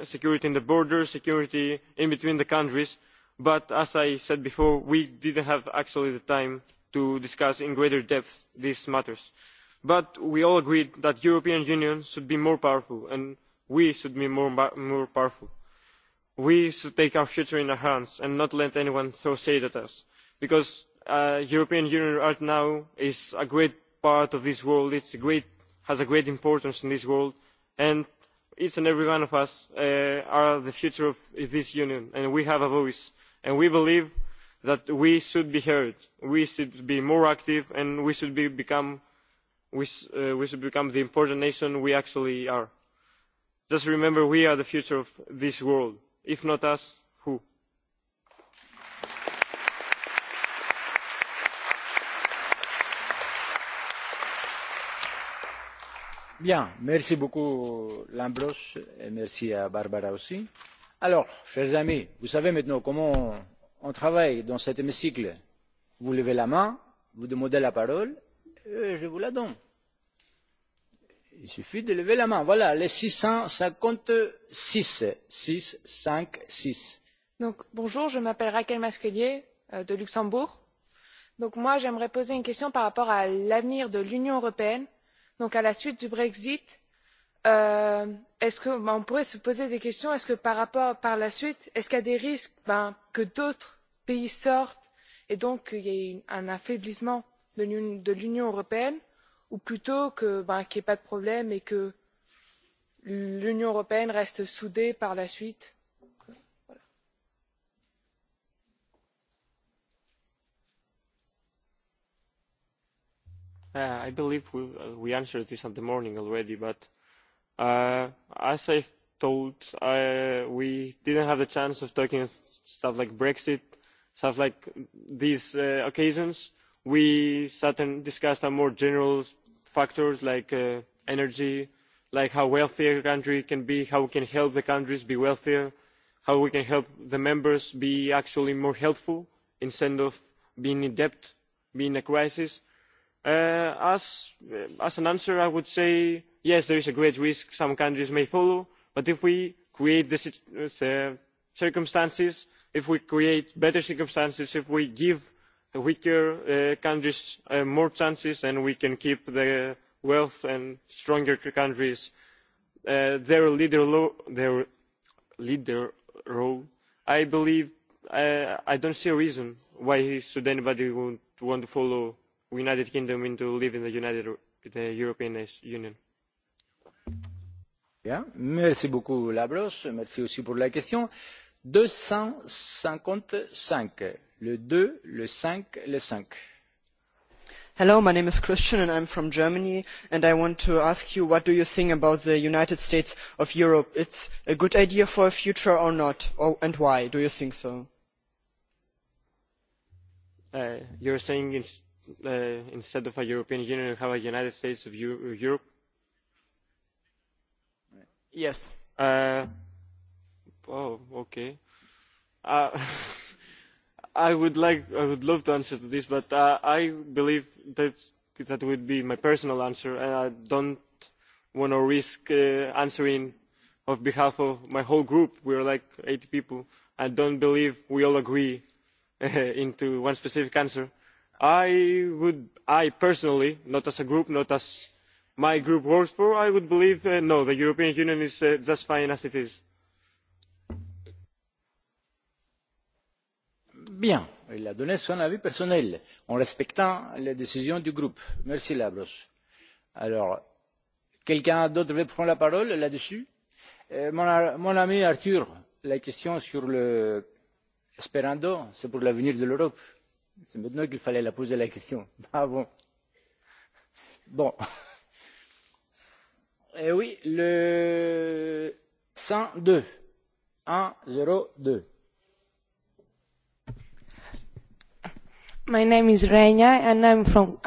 security in the border, security in between the countries, but as I said before, we didn't have actually the time to discuss in greater depth these matters. But we all agreed that the European Union should be more powerful, and we should be more powerful. We should take our future in our hands and not let anyone throw shade at us, because the European Union right now is a great part of this world it's great has a great importance in this world and each and every one of us are the future of this union and we have a voice and we believe that we should be heard we should be more active and we should become we should become the important nation we actually are. just remember we are the future of this world if not us who? Bien, merci beaucoup Lambros et merci à Barbara aussi. Alors, chers amis, vous savez maintenant comment on travaille dans cet hémicycle. Vous levez la main, vous demandez la parole, et je vous la donne. Il suffit de lever la main. Voilà, les 656. 6, 5, 6. Donc, bonjour, je m'appelle Raquel Masquelier de Luxembourg. Donc, moi, j'aimerais poser une question par rapport à l'avenir de l'Union européenne donc à la suite du brexit est-ce qu'on pourrait se poser des questions est-ce que par rapport par la suite est-ce qu'il y a des risques que d'autres pays sortent et donc qu'il y ait un affaiblissement de l'union européenne ou plutôt qu'il n'y ait pas de problème et que l'union européenne reste soudée par la suite? I believe we answered this in the morning already, but as I told, we didn't have the chance of talking stuff like Brexit, stuff like these occasions. We sat and discussed more general factors like energy, like how wealthier a country can be, how we can help the countries be wealthier, how we can help the members be actually more helpful instead of being in debt, being in a crisis As an answer, I would say yes, there is a great risk some countries may follow, but if we create the circumstances, if we create better circumstances, if we give weaker countries more chances, and we can keep the wealth and stronger countries their leader role. I believe I don't see a reason why should anybody want to follow United Kingdom into leaving the United the European Union. Yeah. merci beaucoup Labros, merci aussi pour la question. 255, le 2, le 5, le 5. Hello, my name is Christian and I'm from Germany and I want to ask you what do you think about the United States of Europe? It's a good idea for a future or not? Or, and why do you think so? Uh, you're saying it's instead of a European Union, you have a United States of Europe? Yes. Uh, oh, okay. I would like, I would love to answer to this, but uh, I believe that that would be my personal answer, and I don't want to risk uh, answering on behalf of my whole group. We are like 80 people. I don't believe we all agree into one specific answer I would, I personally, not as a group, not as my group works for, I would believe no, the European Union is just fine as it is. Bien, il a donné son avis personnel en respectant les décisions du groupe. Merci Labros. Alors, quelqu'un d'autre veut prendre la parole là-dessus Mon ami Arthur, la question sur l'espérando, c'est pour l'avenir de l'Europe. C'est maintenant qu'il fallait la poser la question. Avant. Bon. Eh oui, le 102. 102. My name is Renia and I'm from.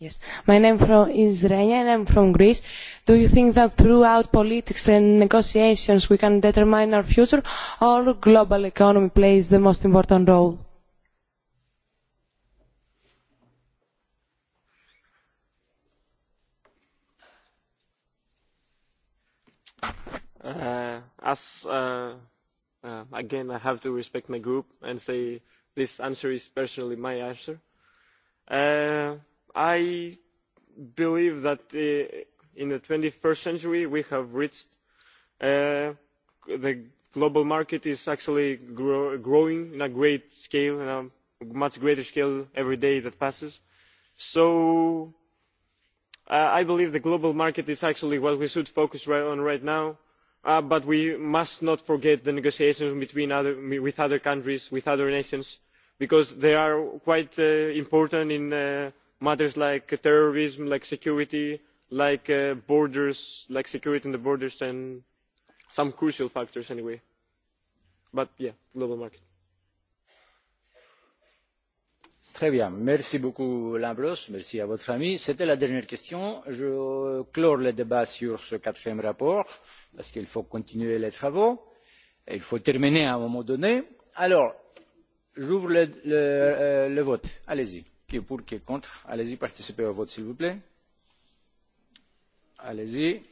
Yes, my name is Renia and I'm from Greece. Do you think that throughout politics and negotiations we can determine our future, or global economy plays the most important role? as again I have to respect my group and say this answer is personally my answer. I believe that in the 21st century we have reached the global market is actually growing in a great scale, in a much greater scale every day that passes. So I believe the global market is actually what we should focus right on right now but we must not forget the negotiations with other countries with other nations because they are quite important in matters like terrorism like security like borders like security in the borders and some crucial factors anyway but yeah global market Merci beaucoup, Merci à votre ami. C'était la dernière question. Je clore le débat sur ce quatrième rapport parce qu'il faut continuer les travaux et il faut terminer à un moment donné. Alors, j'ouvre le vote. Allez-y. Qui est pour, qui est contre Allez-y, participez au vote, s'il vous plaît. Allez-y.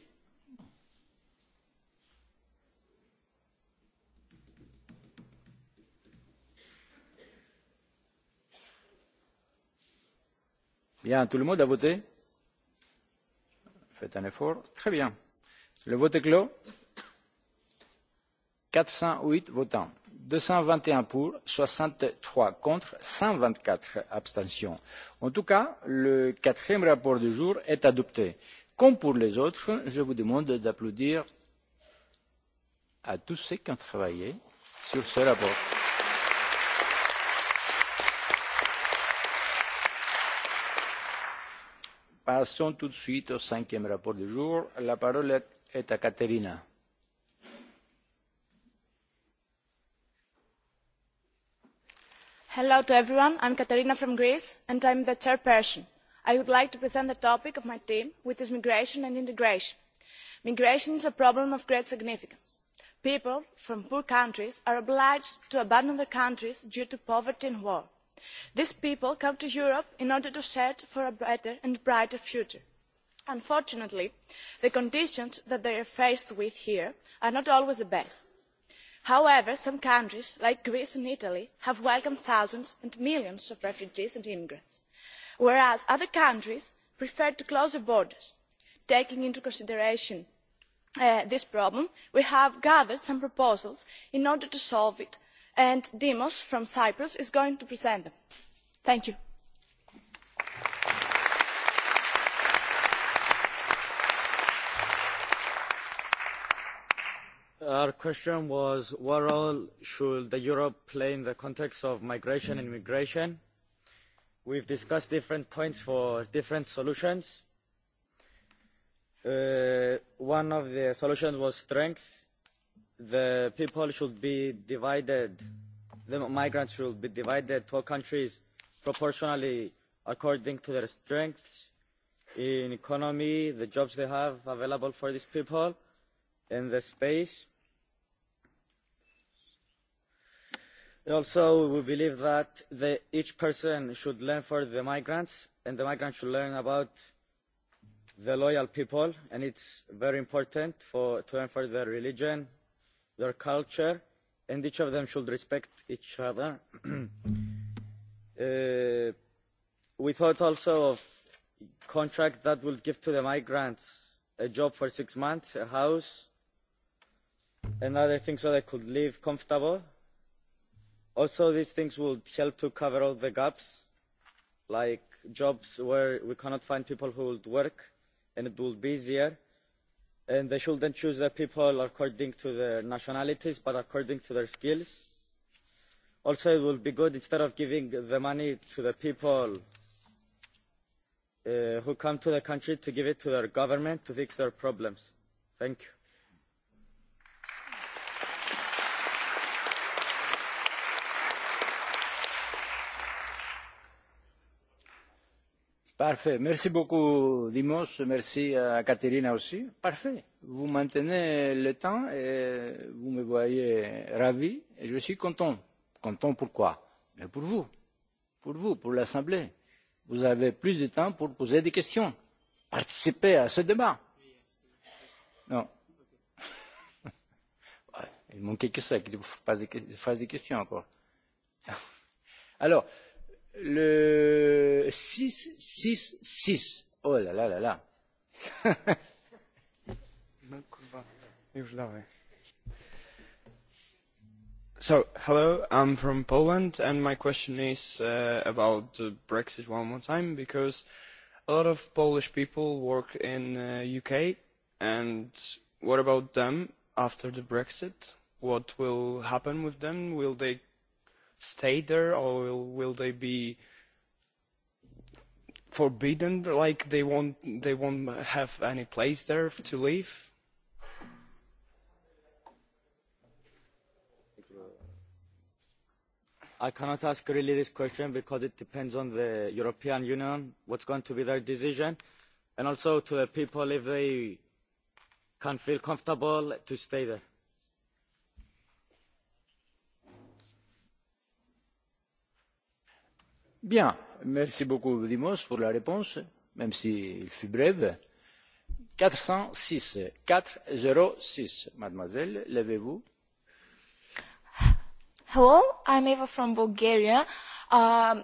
Bien, tout le monde a voté Faites un effort. Très bien. Le vote est clos. Quatre cent huit votants. deux cent vingt et un pour, soixante-trois contre, cent vingt-quatre abstentions. En tout cas, le quatrième rapport du jour est adopté. Comme pour les autres, je vous demande d'applaudir à tous ceux qui ont travaillé sur ce rapport. Passons tout de suite au cinquième rapport du jour. La parole est Hello to everyone. I'm Katerina from Greece and I'm the chairperson. I would like to present the topic of my team, which is migration and integration. Migration is a problem of great significance. People from poor countries are obliged to abandon their countries due to poverty and war. These people come to Europe in order to search for a better and brighter future unfortunately the conditions that they are faced with here are not always the best. however some countries like greece and italy have welcomed thousands and millions of refugees and immigrants whereas other countries prefer to close their borders. taking into consideration this problem we have gathered some proposals in order to solve it and dimos from cyprus is going to present them. thank you. Our question was, what role should the Europe play in the context of migration and immigration? We've discussed different points for different solutions. One of the solutions was strength. The people should be divided, the migrants should be divided to countries proportionally according to their strengths in economy, the jobs they have available for these people, and the space Also, we believe that each person should learn for the migrants, and the migrants should learn about the loyal people, and it's very important to learn for their religion, their culture, and each of them should respect each other. We thought also of contract that would give to the migrants a job for six months, a house, and other things so they could live comfortable also these things will help to cover all the gaps like jobs where we cannot find people who would work and it would be easier and they shouldn't choose the people according to their nationalities but according to their skills also it will be good instead of giving the money to the people who come to the country to give it to their government to fix their problems thank you Parfait. Merci beaucoup, Dimos. Merci à Katerina aussi. Parfait. Vous maintenez le temps et vous me voyez ravi. Et je suis content. Content pourquoi Mais Pour vous. Pour vous, pour l'Assemblée. Vous avez plus de temps pour poser des questions. participer à ce débat. Non. Il manquait que ça, qu'il fasse des questions encore. Alors, le Oh là là là là. so, hello, I'm from Poland, and my question is uh, about uh, Brexit one more time, because a lot of Polish people work in uh, UK, and what about them after the Brexit? What will happen with them? Will they stay there or will they be forbidden like they won't they won't have any place there to live I cannot ask really this question because it depends on the European Union, what's going to be their decision, and also to the people if they can feel comfortable to stay there. Bien, merci beaucoup Dimos pour la réponse, même s'il fut brève. 406, 406, mademoiselle, levez-vous. Hello, I'm Eva from Bulgaria. Um,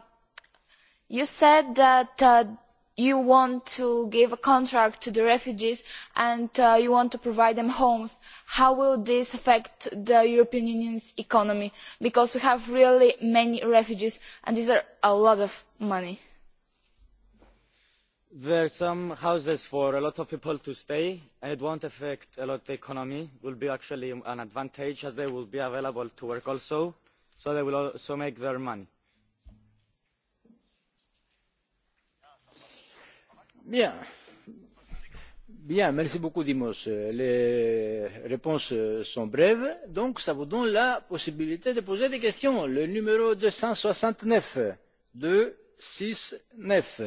you said that you want to give a contract to the refugees and you want to provide them homes how will this affect the european union's economy because we have really many refugees and these are a lot of money. there are some houses for a lot of people to stay and it won't affect a lot the economy it will be actually an advantage as they will be available to work also so they will also make their money Bien. Bien, merci beaucoup Dimos. Les réponses sont brèves, donc ça vous donne la possibilité de poser des questions. Le numéro 269, 269.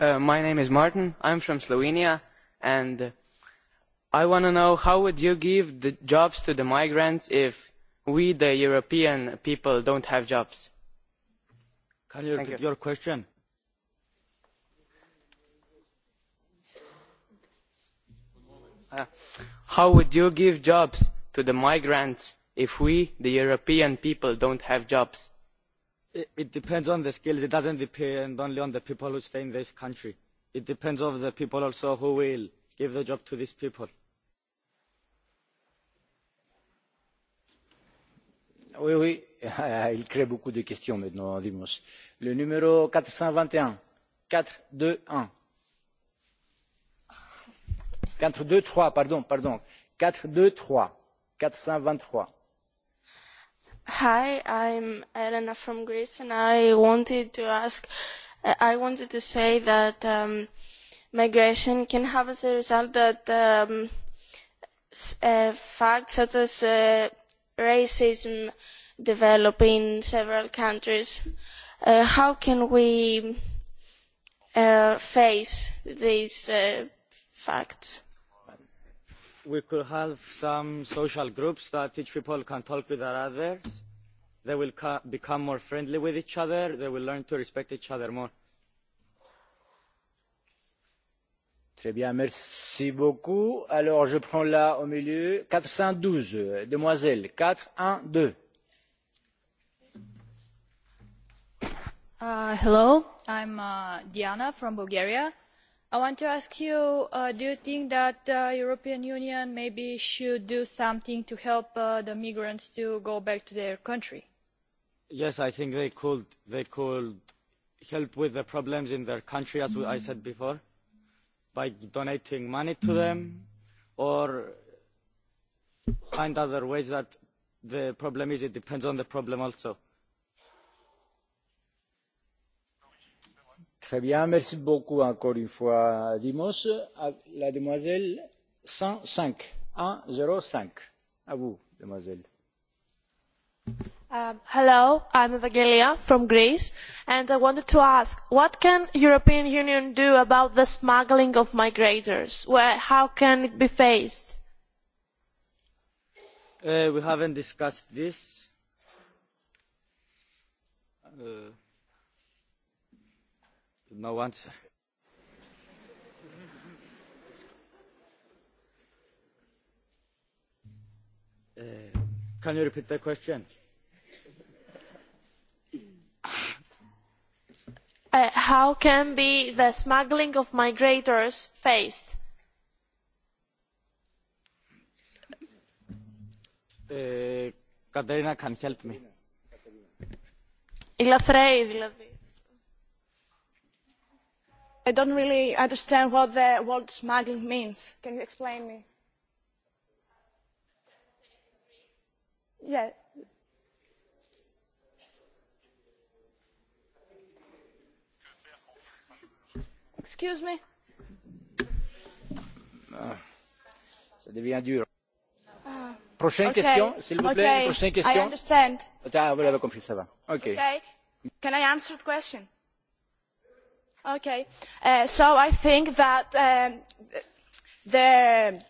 My name is Martin, I'm from Slovenia, and I want to know how would you give the jobs to the migrants if we, the European people, don't have jobs? Can you repeat your question? how would you give jobs to the migrants if we the european people don't have jobs? it depends on the skills it doesn't depend only on the people who stay in this country it depends on the people also who will give the job to these people. Oui, oui, il crée beaucoup de questions maintenant, Dimos. Le numéro 421, 421 quatre pardon pardon quatre hi i'm elena from greece and i wanted to ask i wanted to say that migration can have as a result that facts such as racism develop in several countries how can we face these facts we could have some social groups that each people can talk with their others. They will become more friendly with each other. They will learn to respect each other more. Très bien, merci beaucoup. Alors, je prends là au milieu 412, demoiselle 412. Uh, hello, I'm uh, Diana from Bulgaria I want to ask you, do you think that the European Union maybe should do something to help the migrants to go back to their country? Yes, I think they could. They could help with the problems in their country, as I said before, by donating money to them, or find other ways that the problem is. It depends on the problem also. Très bien, merci beaucoup encore une fois, Dimos. La demoiselle 105, 105. À vous, demoiselle. hello, I'm Evangelia from Greece, and I wanted to ask, what can European Union do about the smuggling of migrators? how can it be faced? we haven't discussed this no answer. Can you repeat the question? How can be the smuggling of migrators faced? Katerina can help me. Η λαθρέη δηλαδή. I don't really understand what the word smuggling means. Can you explain me? Yeah. Excuse me. Ça devient dur. Prochaine question, s'il vous plaît. Prochaine question. I understand. Ah, vous l'avez compris, ça va. Okay. Can I answer the question? Okay, so I think that the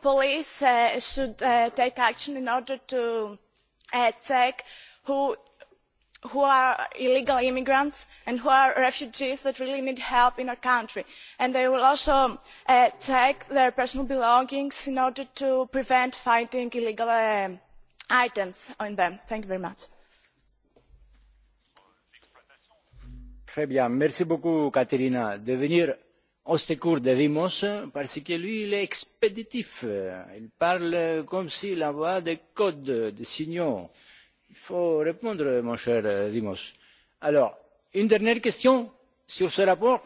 police should take action in order to take who who are illegal immigrants and who are refugees that really need help in our country. And they will also take their personal belongings in order to prevent finding illegal items on them. Thank you very much. Très bien. Merci beaucoup, Katerina, de venir au secours de Dimos, parce que lui, il est expéditif. Il parle comme s'il envoie des codes, des signaux. Il faut répondre, mon cher Dimos. Alors, une dernière question sur ce rapport.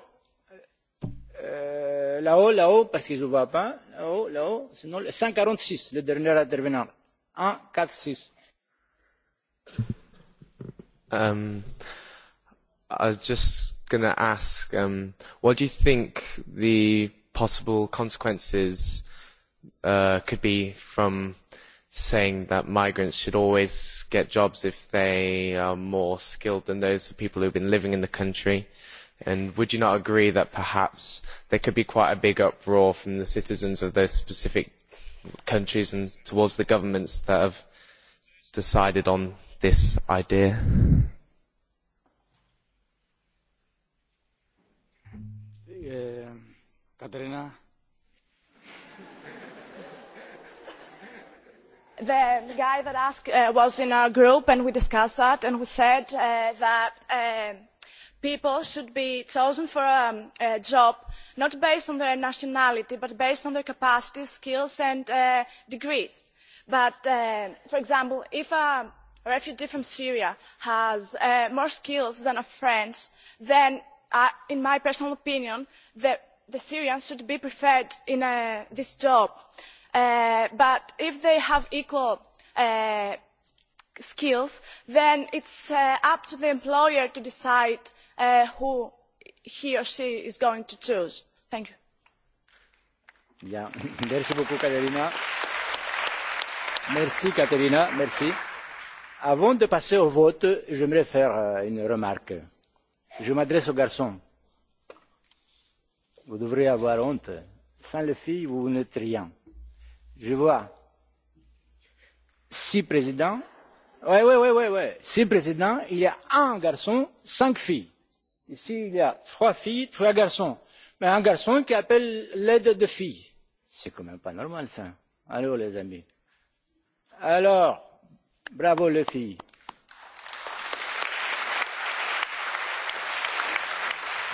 Là-haut, là-haut, parce que je ne vois pas. Là-haut, là-haut. Sinon, 146, le dernier intervenant. 1, 4, 6. I was just going to ask, what do you think the possible consequences could be from saying that migrants should always get jobs if they are more skilled than those of people who have been living in the country? And would you not agree that perhaps there could be quite a big uproar from the citizens of those specific countries and towards the governments that have decided on this idea? Κατερίνα. The guy that asked was in our group and we discussed that and we said that people should be chosen for a job not based on their nationality but based on their capacities, skills and degrees. But, for example, if a refugee from Syria has more skills than a French, then, in my personal opinion, the the Syrians should be preferred in this job. But if they have equal skills, then it's up to the employer to decide who he or she is going to choose. Thank you. Avant de passer au vote, j'aimerais faire une remarque. Je m'adresse aux garçons Vous devrez avoir honte. Sans les filles, vous n'êtes rien. Je vois six présidents. Oui, oui, oui, oui, Six présidents, il y a un garçon, cinq filles. Ici, il y a trois filles, trois garçons. Mais un garçon qui appelle l'aide de filles. C'est quand même pas normal, ça. Alors, les amis. Alors, bravo les filles.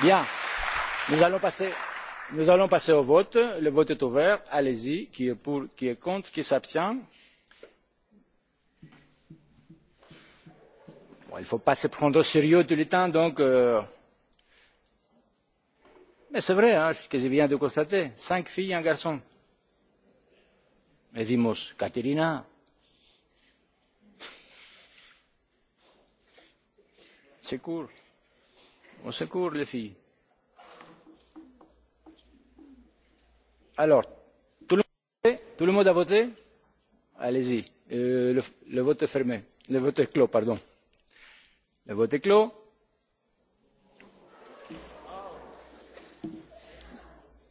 Bien. Nous allons passer. Nous allons passer au vote. Le vote est ouvert. Allez-y. Qui est pour, qui est contre, qui s'abstient Il ne faut pas se prendre au sérieux tout le temps, donc. Mais c'est vrai, hein, ce que je viens de constater. Cinq filles et un garçon. Et dimos, Katerina. Secours. On secours, les filles. Alors, tout le monde a voté Allez-y. Le vote est fermé. Le vote est clos, pardon. Le vote est clos.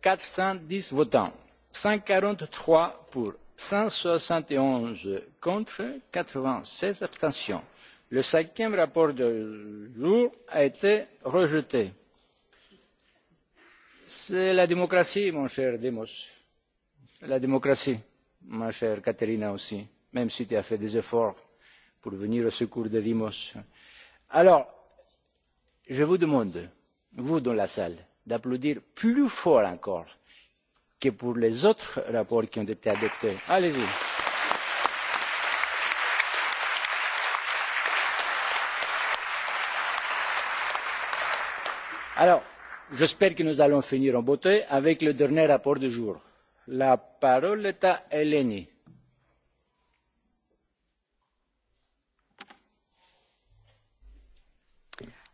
410 votants. 143 pour, 171 contre, 96 abstentions. Le cinquième rapport de jour a été rejeté. C'est la démocratie, mon cher Demos. La démocratie, ma chère Katerina aussi, même si tu as fait des efforts pour venir au secours de Dimos. Alors, je vous demande, vous dans la salle, d'applaudir plus fort encore que pour les autres rapports qui ont été adoptés. Allez-y. Alors, J'espère que nous allons finir en beauté avec le dernier rapport du jour. La parole est à Eleni.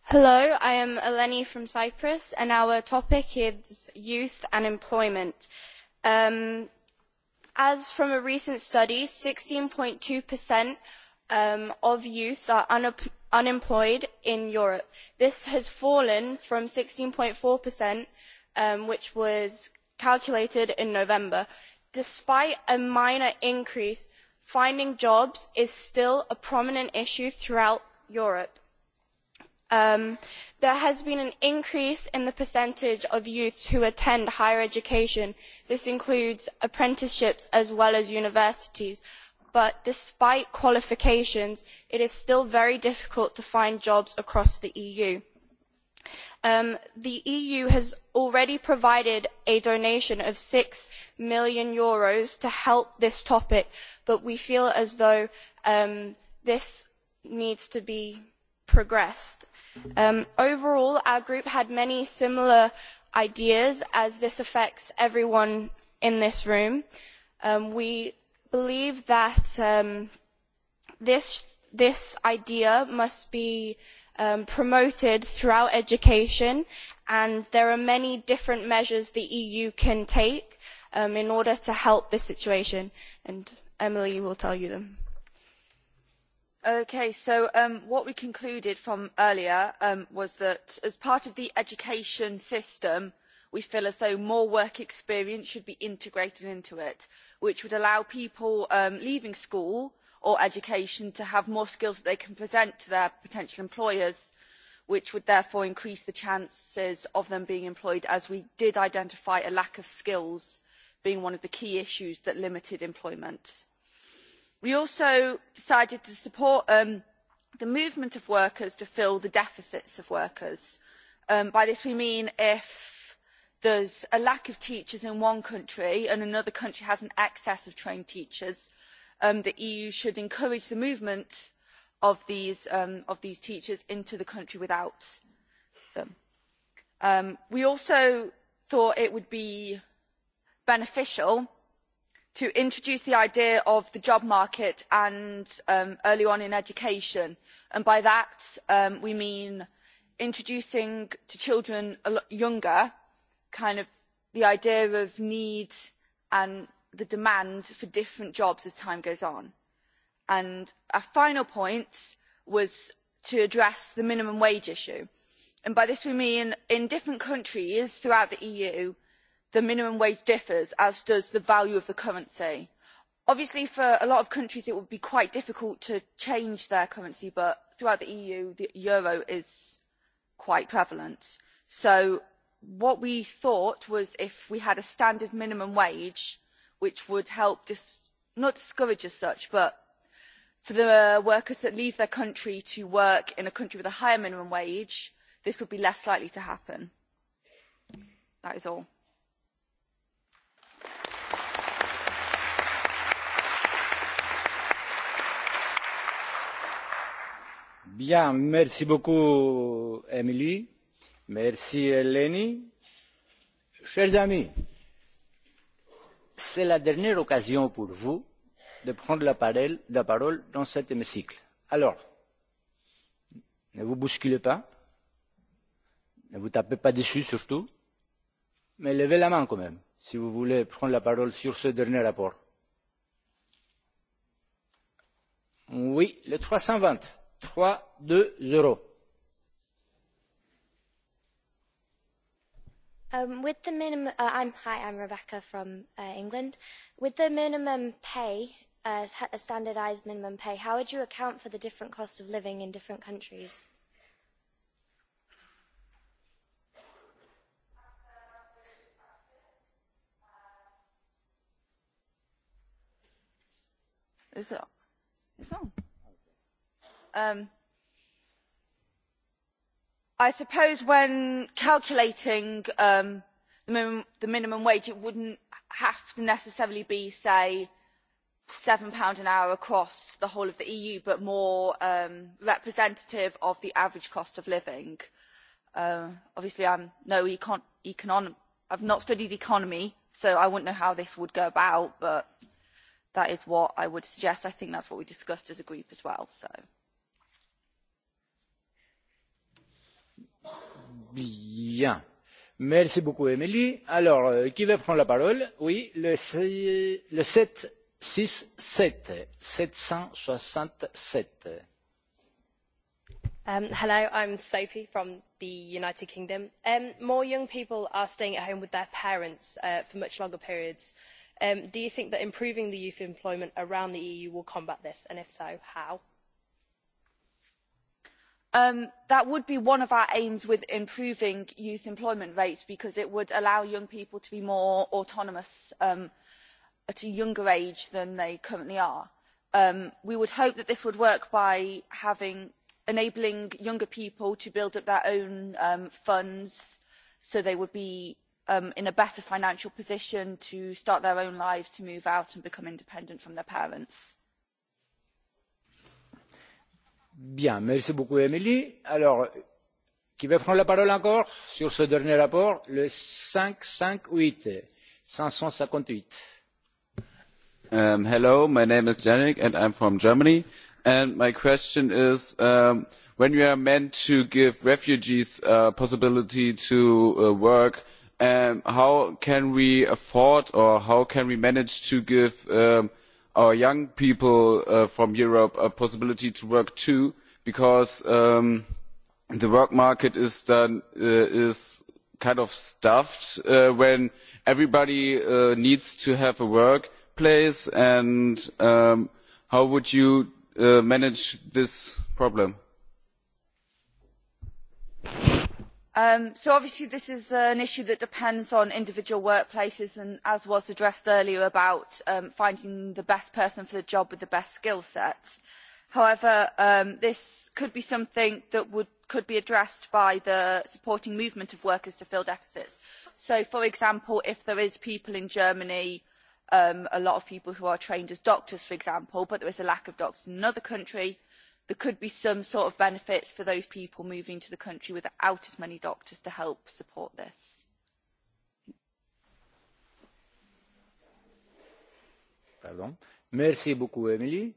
Hello, I am Eleni from Cyprus and our topic is youth and employment. As from a recent study, 16.2% of youths are unemployed in Europe. This has fallen from 16.4%, which was calculated in November. Despite a minor increase, finding jobs is still a prominent issue throughout Europe. There has been an increase in the percentage of youths who attend higher education. This includes apprenticeships as well as universities but despite qualifications it is still very difficult to find jobs across the eu. the eu has already provided a donation of eur six million to help this topic but we feel as though this needs to be progressed. overall our group had many similar ideas as this affects everyone in this room. we believe that this this idea must be promoted throughout education and there are many different measures the eu can take in order to help this situation and emily will tell you them. okay so what we concluded from earlier was that as part of the education system we feel as though more work experience should be integrated into it which would allow people leaving school or education to have more skills that they can present to their potential employers which would therefore increase the chances of them being employed as we did identify a lack of skills being one of the key issues that limited employment. we also decided to support the movement of workers to fill the deficits of workers. by this we mean if there is a lack of teachers in one country and another country has an excess of trained teachers the eu should encourage the movement of these teachers into the country without them. we also thought it would be beneficial to introduce the idea of the job market and early on in education and by that we mean introducing to children younger kind of the idea of need and the demand for different jobs as time goes on. And our final point was to address the minimum wage issue. And by this we mean in different countries throughout the EU, the minimum wage differs, as does the value of the currency. Obviously, for a lot of countries, it would be quite difficult to change their currency, but throughout the EU, the euro is quite prevalent. So what we thought was if we had a standard minimum wage which would help not discourage as such but for the workers that leave their country to work in a country with a higher minimum wage this would be less likely to happen. that is all. Bien, merci beaucoup, Merci Eleni. Chers amis, c'est la dernière occasion pour vous de prendre la parole dans cet hémicycle. Alors, ne vous bousculez pas, ne vous tapez pas dessus surtout, mais levez la main quand même si vous voulez prendre la parole sur ce dernier rapport. Oui, le 320, 3, 2, 0. With the minimum, I'm hi, I'm Rebecca from England. With the minimum pay, a standardized minimum pay, how would you account for the different cost of living in different countries? on. Um i suppose when calculating the minimum wage it wouldn't have to necessarily be say seven pound an hour across the whole of the eu but more representative of the average cost of living. obviously i'm no i've not studied economy so i wouldn't know how this would go about but that is what i would suggest. i think that's what we discussed as a group as well so bien. Merci beaucoup, Émilie. Alors, qui va prendre la parole Oui, le 767. 767. Um, hello, I'm Sophie from the United Kingdom. Um, more young people are staying at home with their parents for much longer periods. Um, do you think that improving the youth employment around the EU will combat this, and if so, how? that would be one of our aims with improving youth employment rates because it would allow young people to be more autonomous at a younger age than they currently are. we would hope that this would work by enabling younger people to build up their own funds so they would be in a better financial position to start their own lives to move out and become independent from their parents. Bien, merci beaucoup, Émilie. Alors, qui va prendre la parole encore sur ce dernier rapport, le 558, 558. Um, hello, my name is Janik and I'm from Germany. And my question is, um, when we are meant to give refugees a possibility to uh, work, um, how can we afford or how can we manage to give um, our young people from Europe a possibility to work too, because the work market is kind of stuffed when everybody needs to have a workplace. And how would you manage this problem? so obviously this is an issue that depends on individual workplaces and as was addressed earlier about finding the best person for the job with the best skill sets. however this could be something that could be addressed by the supporting movement of workers to fill deficits. so for example if there is people in germany a lot of people who are trained as doctors for example but there is a lack of doctors in another country there could be some sort of benefits for those people moving to the country without as many doctors to help support this. Pardon. Merci beaucoup, Emily.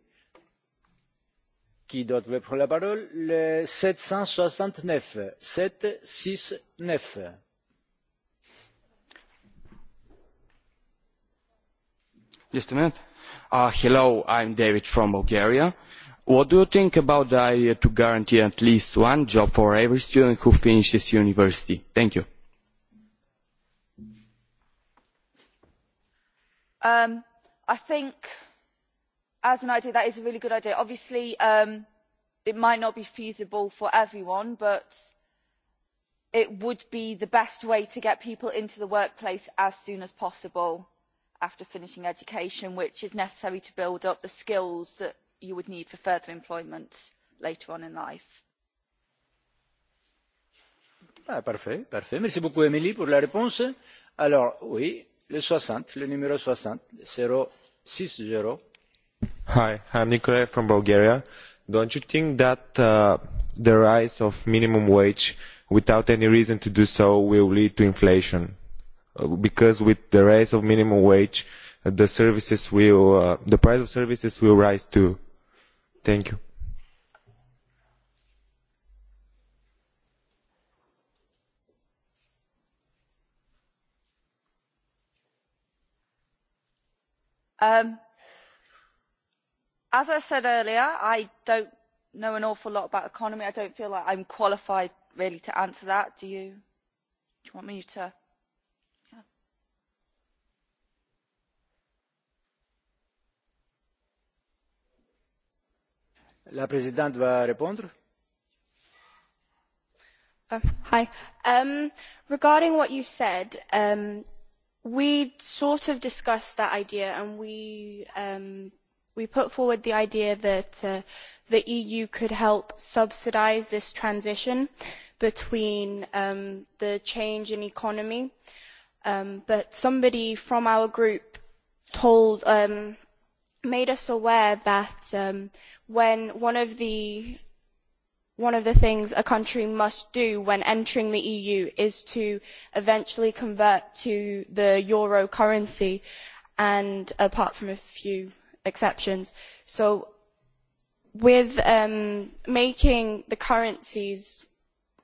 Qui d'autre veut prendre la parole Le 769. 769. Just a minute. Uh, hello, I'm David from Bulgaria What do you think about the idea to guarantee at least one job for every student who finishes university? Thank you. I think, as an idea, that is a really good idea. Obviously, it might not be feasible for everyone, but it would be the best way to get people into the workplace as soon as possible after finishing education, which is necessary to build up the skills that you would need for further employment later on in life. Ah, parfait, parfait. Merci beaucoup, Émilie, pour la réponse. Alors, oui, le 60, le numéro 60, 060. Hi, I'm Nicolae from Bulgaria. Don't you think that uh, the rise of minimum wage without any reason to do so will lead to inflation? Because with the rise of minimum wage, the services will, uh, the price of services will rise too Thank you. Um, as I said earlier, I don't know an awful lot about economy. I don't feel like I'm qualified really to answer that. Do you? Do you want me to? La présidente va répondre. Hi. Regarding what you said, we sort of discussed that idea and we um we put forward the idea that the EU could help subsidize this transition between the change in economy. But somebody from our group told um made us aware that when one of the one of the things a country must do when entering the EU is to eventually convert to the euro currency and apart from a few exceptions so with making the currencies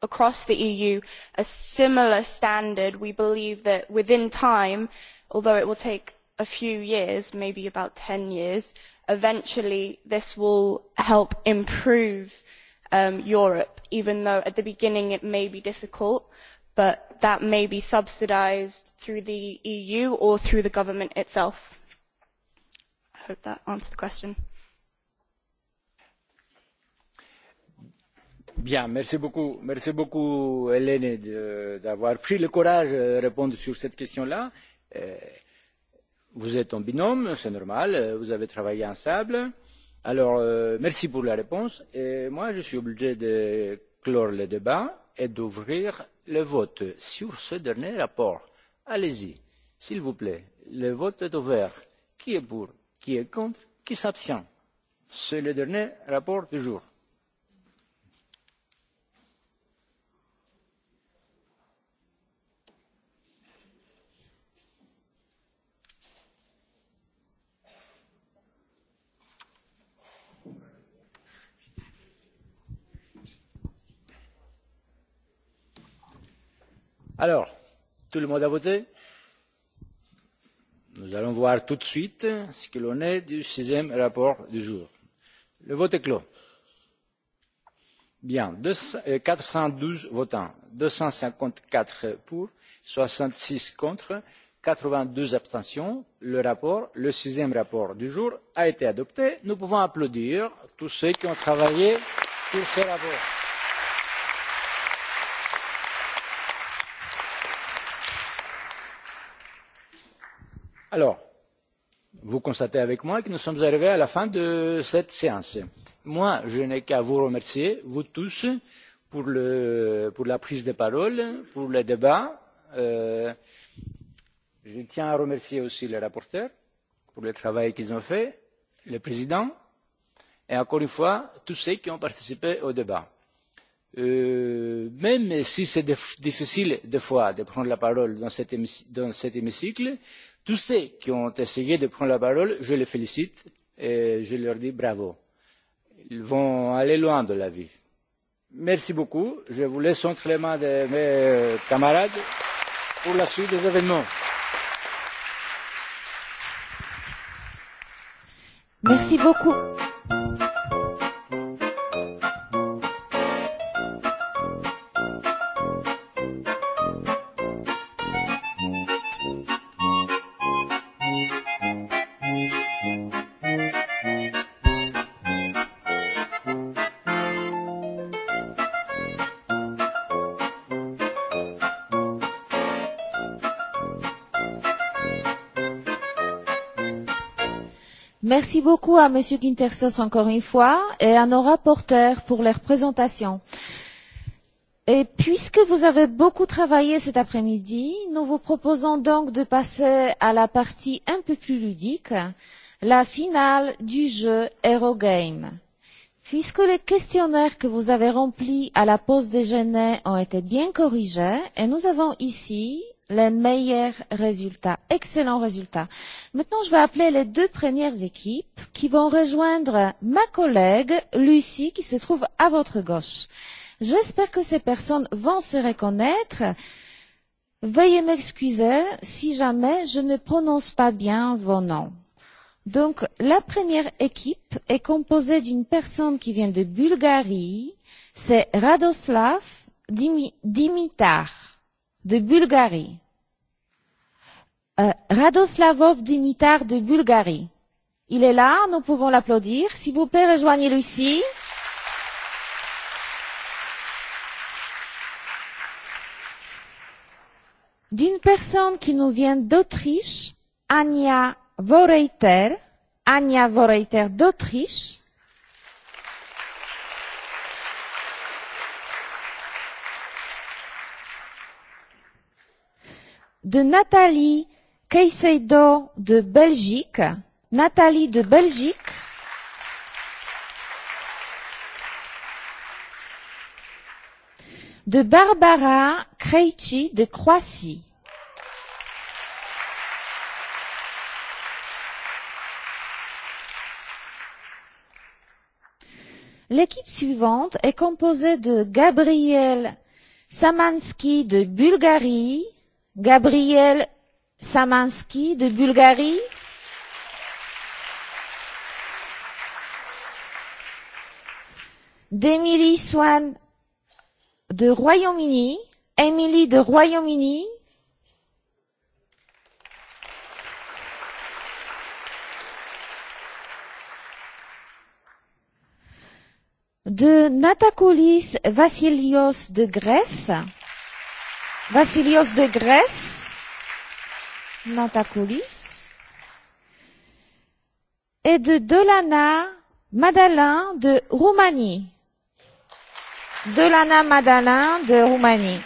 across the EU a similar standard we believe that within time although it will take a few years, maybe about 10 years, eventually this will help improve Europe, even though at the beginning it may be difficult, but that may be subsidised through the EU or through the government itself. I hope that answered the question. Bien, merci beaucoup, merci beaucoup Hélène d'avoir pris le courage de répondre sur cette question-là Vous êtes en binôme, c'est normal, vous avez travaillé ensemble. Alors, merci pour la réponse. Et moi, je suis obligé de clore le débat et d'ouvrir le vote sur ce dernier rapport. Allez-y, s'il vous plaît. Le vote est ouvert. Qui est pour Qui est contre Qui s'abstient C'est le dernier rapport du jour. Alors, tout le monde a voté Nous allons voir tout de suite ce que l'on est du sixième rapport du jour. Le vote est clos. Bien, 412 votants, 254 pour, 66 contre, 82 abstentions. Le rapport, le sixième rapport du jour, a été adopté. Nous pouvons applaudir tous ceux qui ont travaillé sur ce rapport. Alors, vous constatez avec moi que nous sommes arrivés à la fin de cette séance. Moi, je n'ai qu'à vous remercier, vous tous, pour la prise de parole, pour le débat. Je tiens à remercier aussi les rapporteurs pour le travail qu'ils ont fait, le président et encore une fois tous ceux qui ont participé au débat. Même si c'est difficile des fois de prendre la parole dans cet hémicycle, Tous ceux qui ont essayé de prendre la parole, je les félicite et je leur dis bravo. Ils vont aller loin de la vie. Merci beaucoup. Je vous laisse entre les mains de mes camarades pour la suite des événements. Merci beaucoup. Merci beaucoup à Monsieur Guintersos encore une fois et à nos rapporteurs pour leur présentation. Et puisque vous avez beaucoup travaillé cet après-midi, nous vous proposons donc de passer à la partie un peu plus ludique, la finale du jeu Eurogame. Puisque les questionnaires que vous avez remplis à la pause déjeuner ont été bien corrigés, et nous avons ici les meilleurs résultats, Excellent résultats. Maintenant, je vais appeler les deux premières équipes qui vont rejoindre ma collègue Lucie qui se trouve à votre gauche. J'espère que ces personnes vont se reconnaître. Veuillez m'excuser si jamais je ne prononce pas bien vos noms. Donc, la première équipe est composée d'une personne qui vient de Bulgarie, c'est Radoslav Dimitar de Bulgarie. Radoslavov Dimitar de Bulgarie. Il est là, nous pouvons l'applaudir. S'il vous plaît, rejoignez-le ici. D'une personne qui nous vient d'Autriche, Anja Voreiter. Anja Voreiter d'Autriche de Nathalie Keiseido de Belgique. Nathalie de Belgique. De Barbara Krejci de Croatie. L'équipe suivante est composée de Gabriel Samanski de Bulgarie, Gabriel Samansky de Bulgarie. D'Emily Swan de Royaume-Uni. Emily de Royaume-Uni. De Natakoulis Vassilios de Grèce. Vassilios de Grèce, Nantakoulis, et de Dolana Madalin de Roumanie. Dolana Madalin de Roumanie.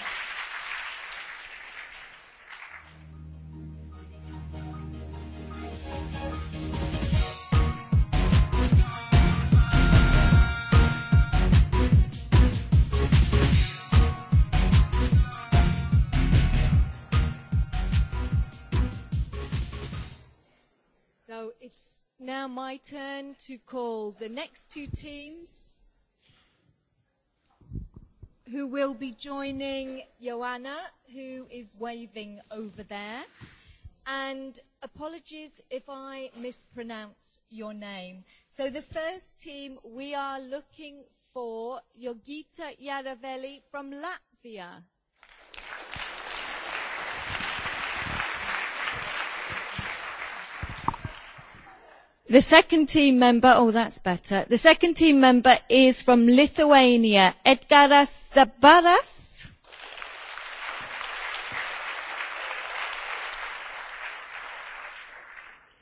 Now my turn to call the next two teams who will be joining Joanna, who is waving over there. And apologies if I mispronounce your name. So the first team, we are looking for Yogita Yaravelli from Latvia. The second team member, oh that's better, the second team member is from Lithuania, Edgaras Zabaras.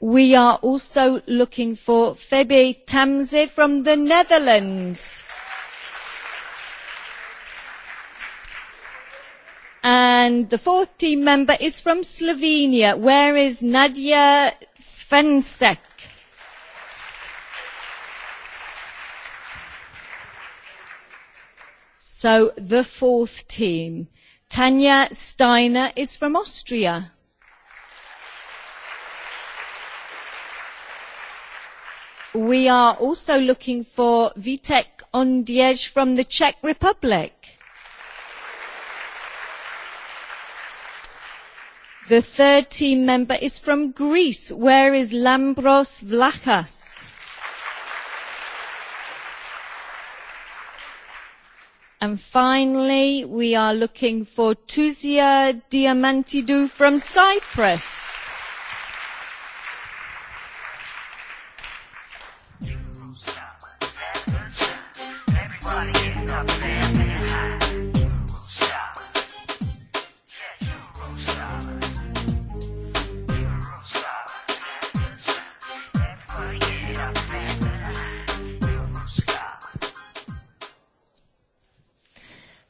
We are also looking for Febe Tamze from the Netherlands. And the fourth team member is from Slovenia. Where is Nadia Svensek? So the fourth team. Tanja Steiner is from Austria. We are also looking for Vitek Ondiej from the Czech Republic. The third team member is from Greece. Where is Lambros Vlachas? And finally, we are looking for Tuzia Diamantidou from Cyprus.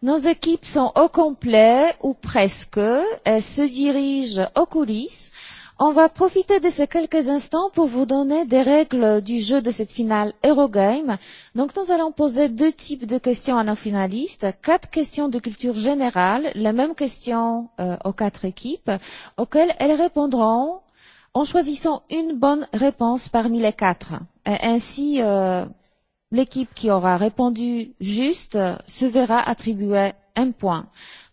Nos équipes sont au complet, ou presque, elles se dirigent aux coulisses. On va profiter de ces quelques instants pour vous donner des règles du jeu de cette finale Eurogame. Donc nous allons poser deux types de questions à nos finalistes. Quatre questions de culture générale, les mêmes questions aux quatre équipes, auxquelles elles répondront en choisissant une bonne réponse parmi les quatre. Et ainsi, L'équipe qui aura répondu juste se verra attribuer un point.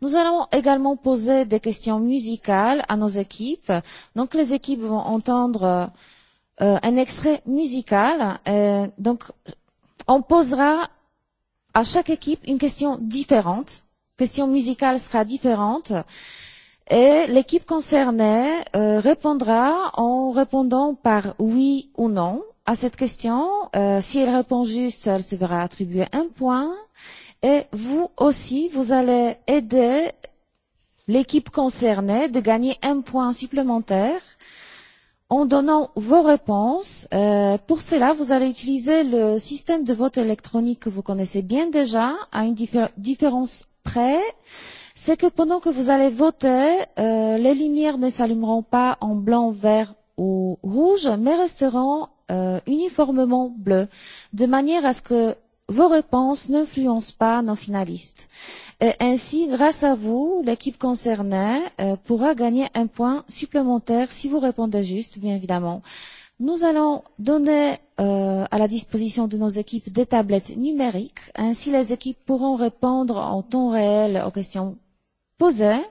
Nous allons également poser des questions musicales à nos équipes. Donc les équipes vont entendre un extrait musical. Donc on posera à chaque équipe une question différente. La Question musicale sera différente. Et l'équipe concernée répondra en répondant par oui ou non à cette question. Si elle répond juste, elle se verra attribuer un point. Et vous aussi, vous allez aider l'équipe concernée de gagner un point supplémentaire en donnant vos réponses. Pour cela, vous allez utiliser le système de vote électronique que vous connaissez bien déjà, à une différence près. C'est que pendant que vous allez voter, les lumières ne s'allumeront pas en blanc, vert ou rouge, mais resteront uniformément bleu, de manière à ce que vos réponses n'influencent pas nos finalistes. Ainsi, grâce à vous, l'équipe concernée pourra gagner un point supplémentaire si vous répondez juste, bien évidemment. Nous allons donner à la disposition de nos équipes des tablettes numériques. Ainsi, les équipes pourront répondre en temps réel aux questions posées.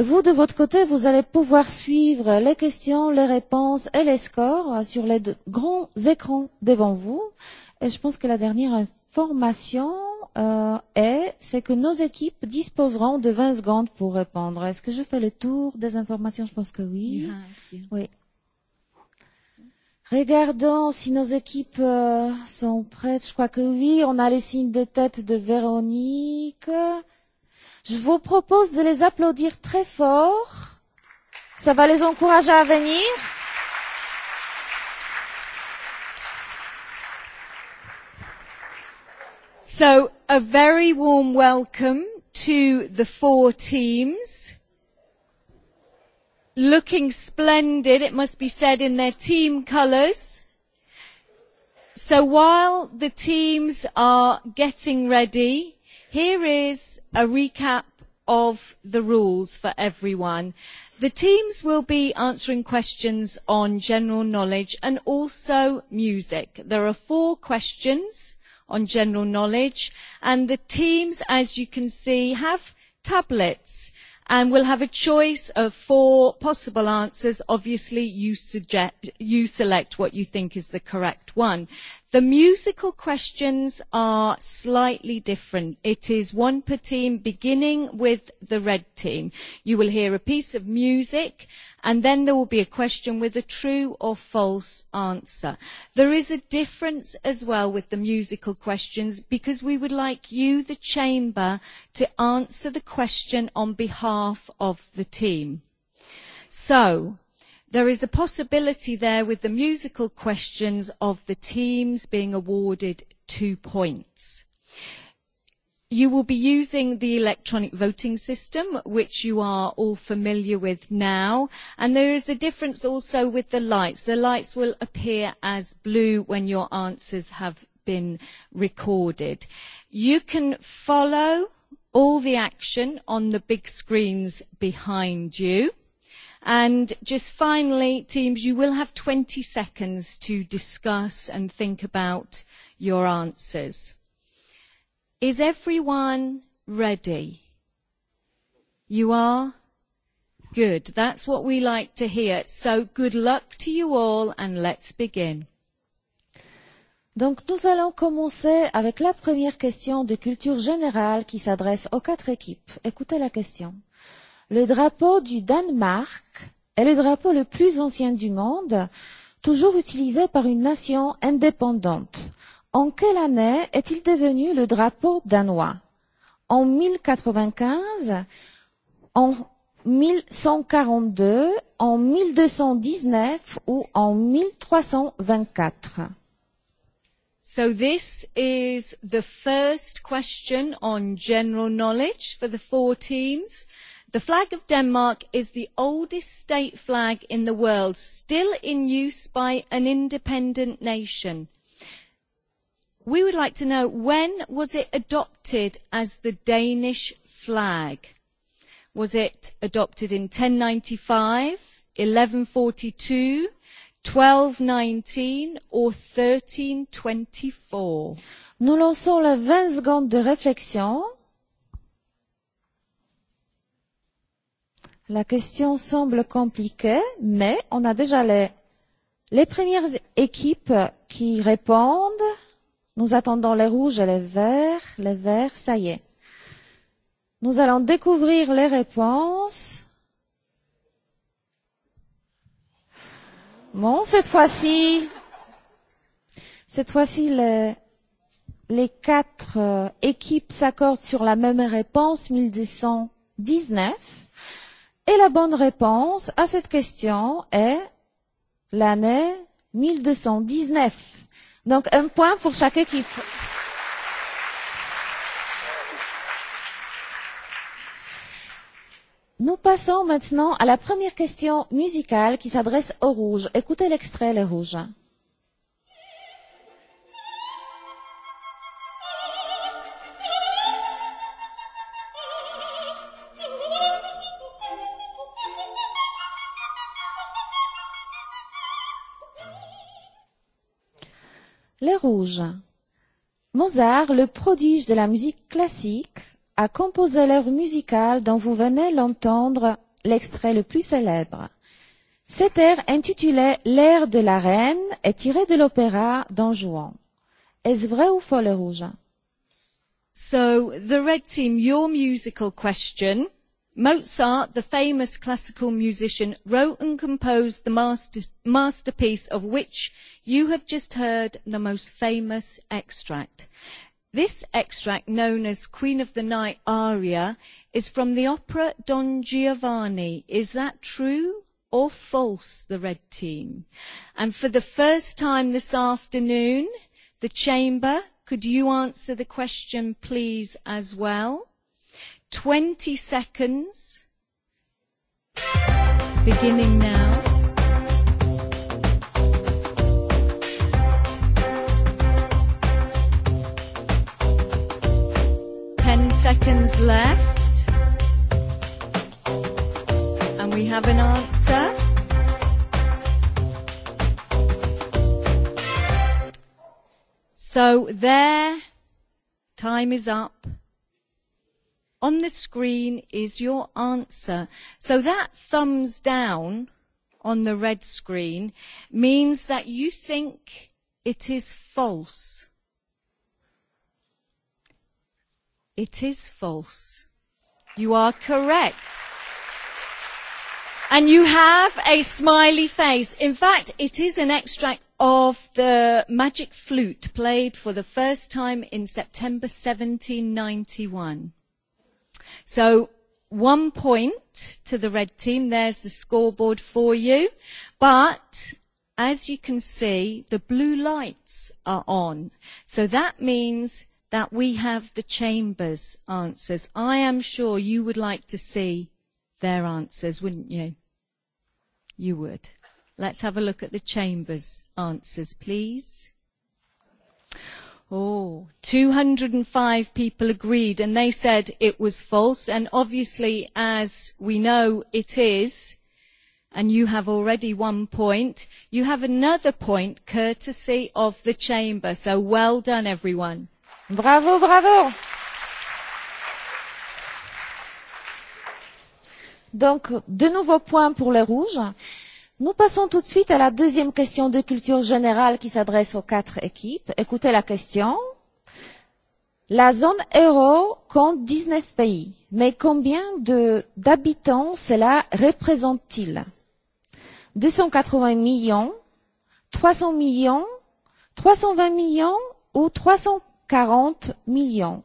Vous, de votre côté, vous allez pouvoir suivre les questions, les réponses et les scores sur les grands écrans devant vous. Et je pense que la dernière information est, c'est que nos équipes disposeront de 20 secondes pour répondre. Est-ce que je fais le tour des informations Je pense que oui. Oui. Regardons si nos équipes sont prêtes. Je crois que oui. On a les signes de tête de Véronique. Je vous propose de les applaudir très fort. Ça va les encourager à venir. So, a very warm welcome to the four teams. Looking splendid, it must be said, in their team colours. So while the teams are getting ready, Here is a recap of the rules for everyone. The teams will be answering questions on general knowledge and also music. There are four questions on general knowledge and the teams, as you can see, have tablets and will have a choice of four possible answers. Obviously, you select what you think is the correct one. The musical questions are slightly different. It is one per team, beginning with the red team. You will hear a piece of music, and then there will be a question with a true or false answer. There is a difference as well with the musical questions, because we would like you, the chamber, to answer the question on behalf of the team. So, There is a possibility there with the musical questions of the teams being awarded two points. You will be using the electronic voting system, which you are all familiar with now. And there is a difference also with the lights. The lights will appear as blue when your answers have been recorded. You can follow all the action on the big screens behind you. And just finally, teams, you will have 20 seconds to discuss and think about your answers. Is everyone ready? You are? Good. That's what we like to hear. So good luck to you all and let's begin. Donc nous allons commencer avec la première question de culture générale qui s'adresse aux quatre équipes. Écoutez la question. Le drapeau du Danemark est le drapeau le plus ancien du monde, toujours utilisé par une nation indépendante. En quelle année est-il devenu le drapeau danois En 1095, en 1142, en 1219 ou en 1324 So this is the first question on general knowledge for the four teams. The flag of Denmark is the oldest state flag in the world, still in use by an independent nation. We would like to know when was it adopted as the Danish flag? Was it adopted in 1095, 1142, 1219 or 1324? Nous lançons la 20 secondes de réflexion. La question semble compliquée, mais on a déjà les, les premières équipes qui répondent. Nous attendons les rouges et les verts. Les verts, ça y est. Nous allons découvrir les réponses. Bon, cette fois-ci, cette fois-ci, les, les quatre équipes s'accordent sur la même réponse, 1219. Et la bonne réponse à cette question est l'année 1219. Donc un point pour chaque équipe. Nous passons maintenant à la première question musicale qui s'adresse aux rouges. Écoutez l'extrait, les rouges. Les Rouges. Mozart, le prodige de la musique classique, a composé l'œuvre musicale dont vous venez l'entendre l'extrait le plus célèbre. Cet air intitulé L'air de la reine est tiré de l'opéra Don Juan. Est-ce vrai ou faux, les Rouges? So, the red team, your musical question Mozart, the famous classical musician, wrote and composed the masterpiece of which you have just heard the most famous extract. This extract, known as Queen of the Night aria, is from the opera Don Giovanni. Is that true or false, the red team? And for the first time this afternoon, the chamber, could you answer the question, please, as well? 20 seconds. Beginning now. Ten seconds left. And we have an answer. So there, time is up on the screen is your answer. So that thumbs down on the red screen means that you think it is false. It is false. You are correct. And you have a smiley face. In fact, it is an extract of the magic flute played for the first time in September 1791. So one point to the red team. There's the scoreboard for you. But as you can see, the blue lights are on. So that means that we have the Chamber's answers. I am sure you would like to see their answers, wouldn't you? You would. Let's have a look at the Chamber's answers, please. Oh, 205 people agreed and they said it was false and obviously as we know it is and you have already one point you have another point courtesy of the chamber so well done everyone bravo bravo donc de nouveaux points pour les rouges Nous passons tout de suite à la deuxième question de culture générale qui s'adresse aux quatre équipes. Écoutez la question. La zone euro compte 19 pays, mais combien d'habitants cela représente-t-il 280 millions, 300 millions, 320 millions ou 340 millions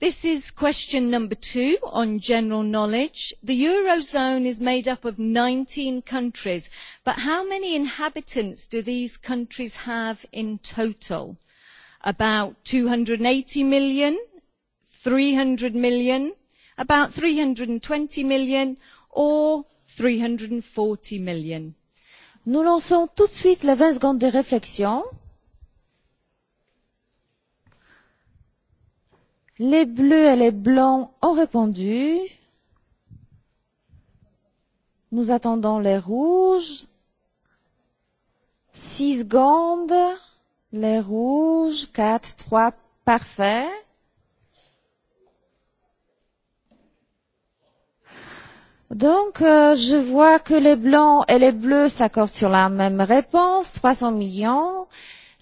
This is question number two on general knowledge. The Eurozone is made up of 19 countries, but how many inhabitants do these countries have in total? About 280 million, 300 million, about 320 million, or 340 million? Nous lançons tout de suite les 20 secondes de réflexion. Les bleus et les blancs ont répondu. Nous attendons les rouges. Six secondes. Les rouges. Quatre, trois, parfait. Donc, je vois que les blancs et les bleus s'accordent sur la même réponse, 300 millions.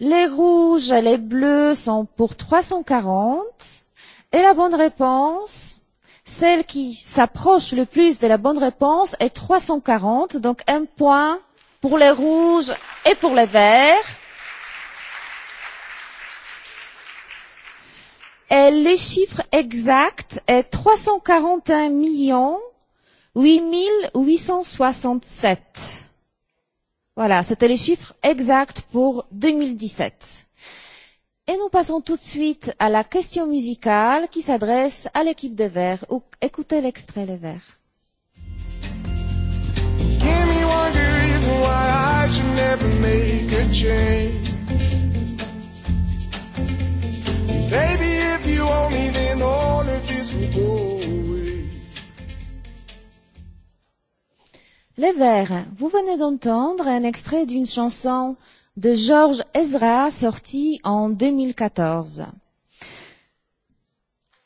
Les rouges et les bleus sont pour 340. Et la bonne réponse, celle qui s'approche le plus de la bonne réponse est 340, donc un point pour les rouges et pour les verts. Et les chiffres exacts est 341 millions 8867. Voilà, c'était les chiffres exacts pour 2017. Et nous passons tout de suite à la question musicale qui s'adresse à l'équipe des Verts. Écoutez l'extrait Les Verts. Give Les Verts, vous venez d'entendre un extrait d'une chanson de George Ezra sorti en 2014.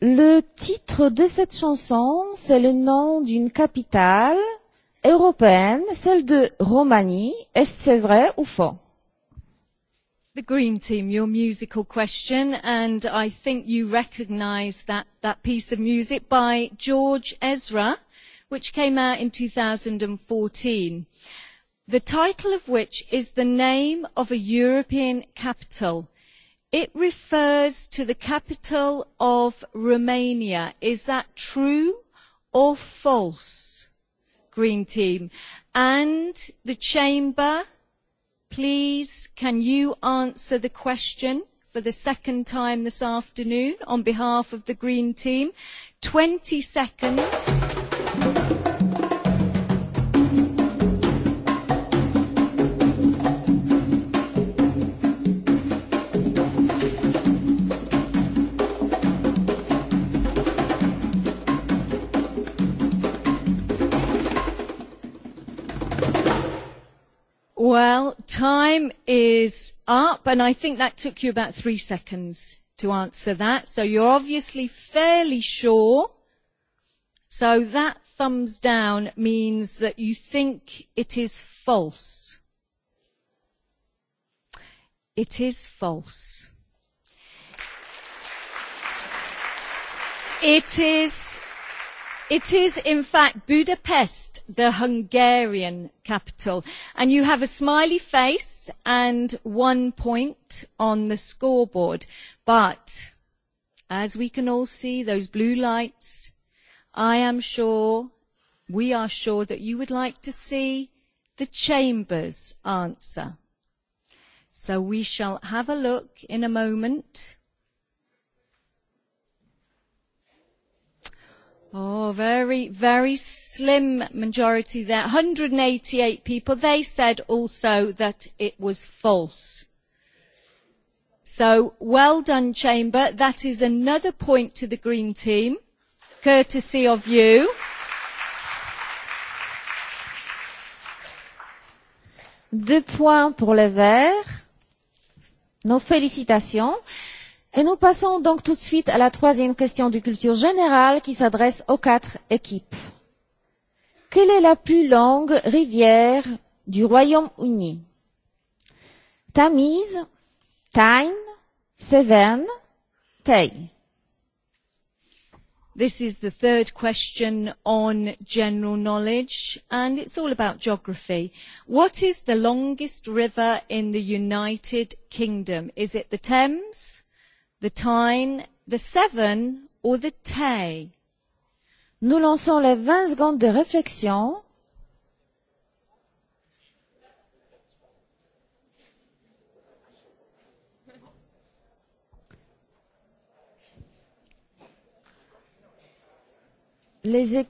Le titre de cette chanson, c'est le nom d'une capitale européenne, celle de Roumanie. Est-ce c'est vrai ou faux? The Green Team, your musical question, and I think you recognize that, that piece of music by George Ezra, which came out in 2014 the title of which is the name of a European capital. It refers to the capital of Romania. Is that true or false, Green Team? And the Chamber, please, can you answer the question for the second time this afternoon on behalf of the Green Team? 20 seconds. Well, time is up, and I think that took you about three seconds to answer that. So you're obviously fairly sure. So that thumbs down means that you think it is false. It is false. It is It is, in fact, Budapest, the Hungarian capital. And you have a smiley face and one point on the scoreboard. But, as we can all see, those blue lights, I am sure, we are sure that you would like to see the Chamber's answer. So we shall have a look in a moment Oh, very, very slim majority there. 188 people. They said also that it was false. So, well done, Chamber. That is another point to the Green Team, courtesy of you. Deux points pour les Verts. Nos félicitations. Et nous passons donc tout de suite à la troisième question de culture générale qui s'adresse aux quatre équipes. Quelle est la plus longue rivière du Royaume-Uni Tamise, Tyne, Severn, Tay. This is the third question on general knowledge, and it's all about geography. What is the longest river in the United Kingdom? Is it the Thames? the time, the seven or the tay. Nous lançons les 20 secondes de réflexion. Les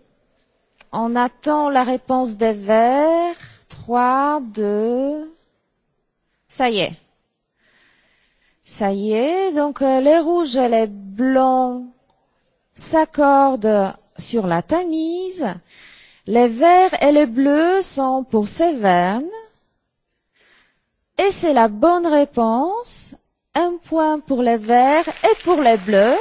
On attend la réponse des verts. 3, 2. Ça y est. Ça y est, donc les rouges et les blancs s'accordent sur la tamise. Les verts et les bleus sont pour Séverne. Et c'est la bonne réponse. Un point pour les verts et pour les bleus.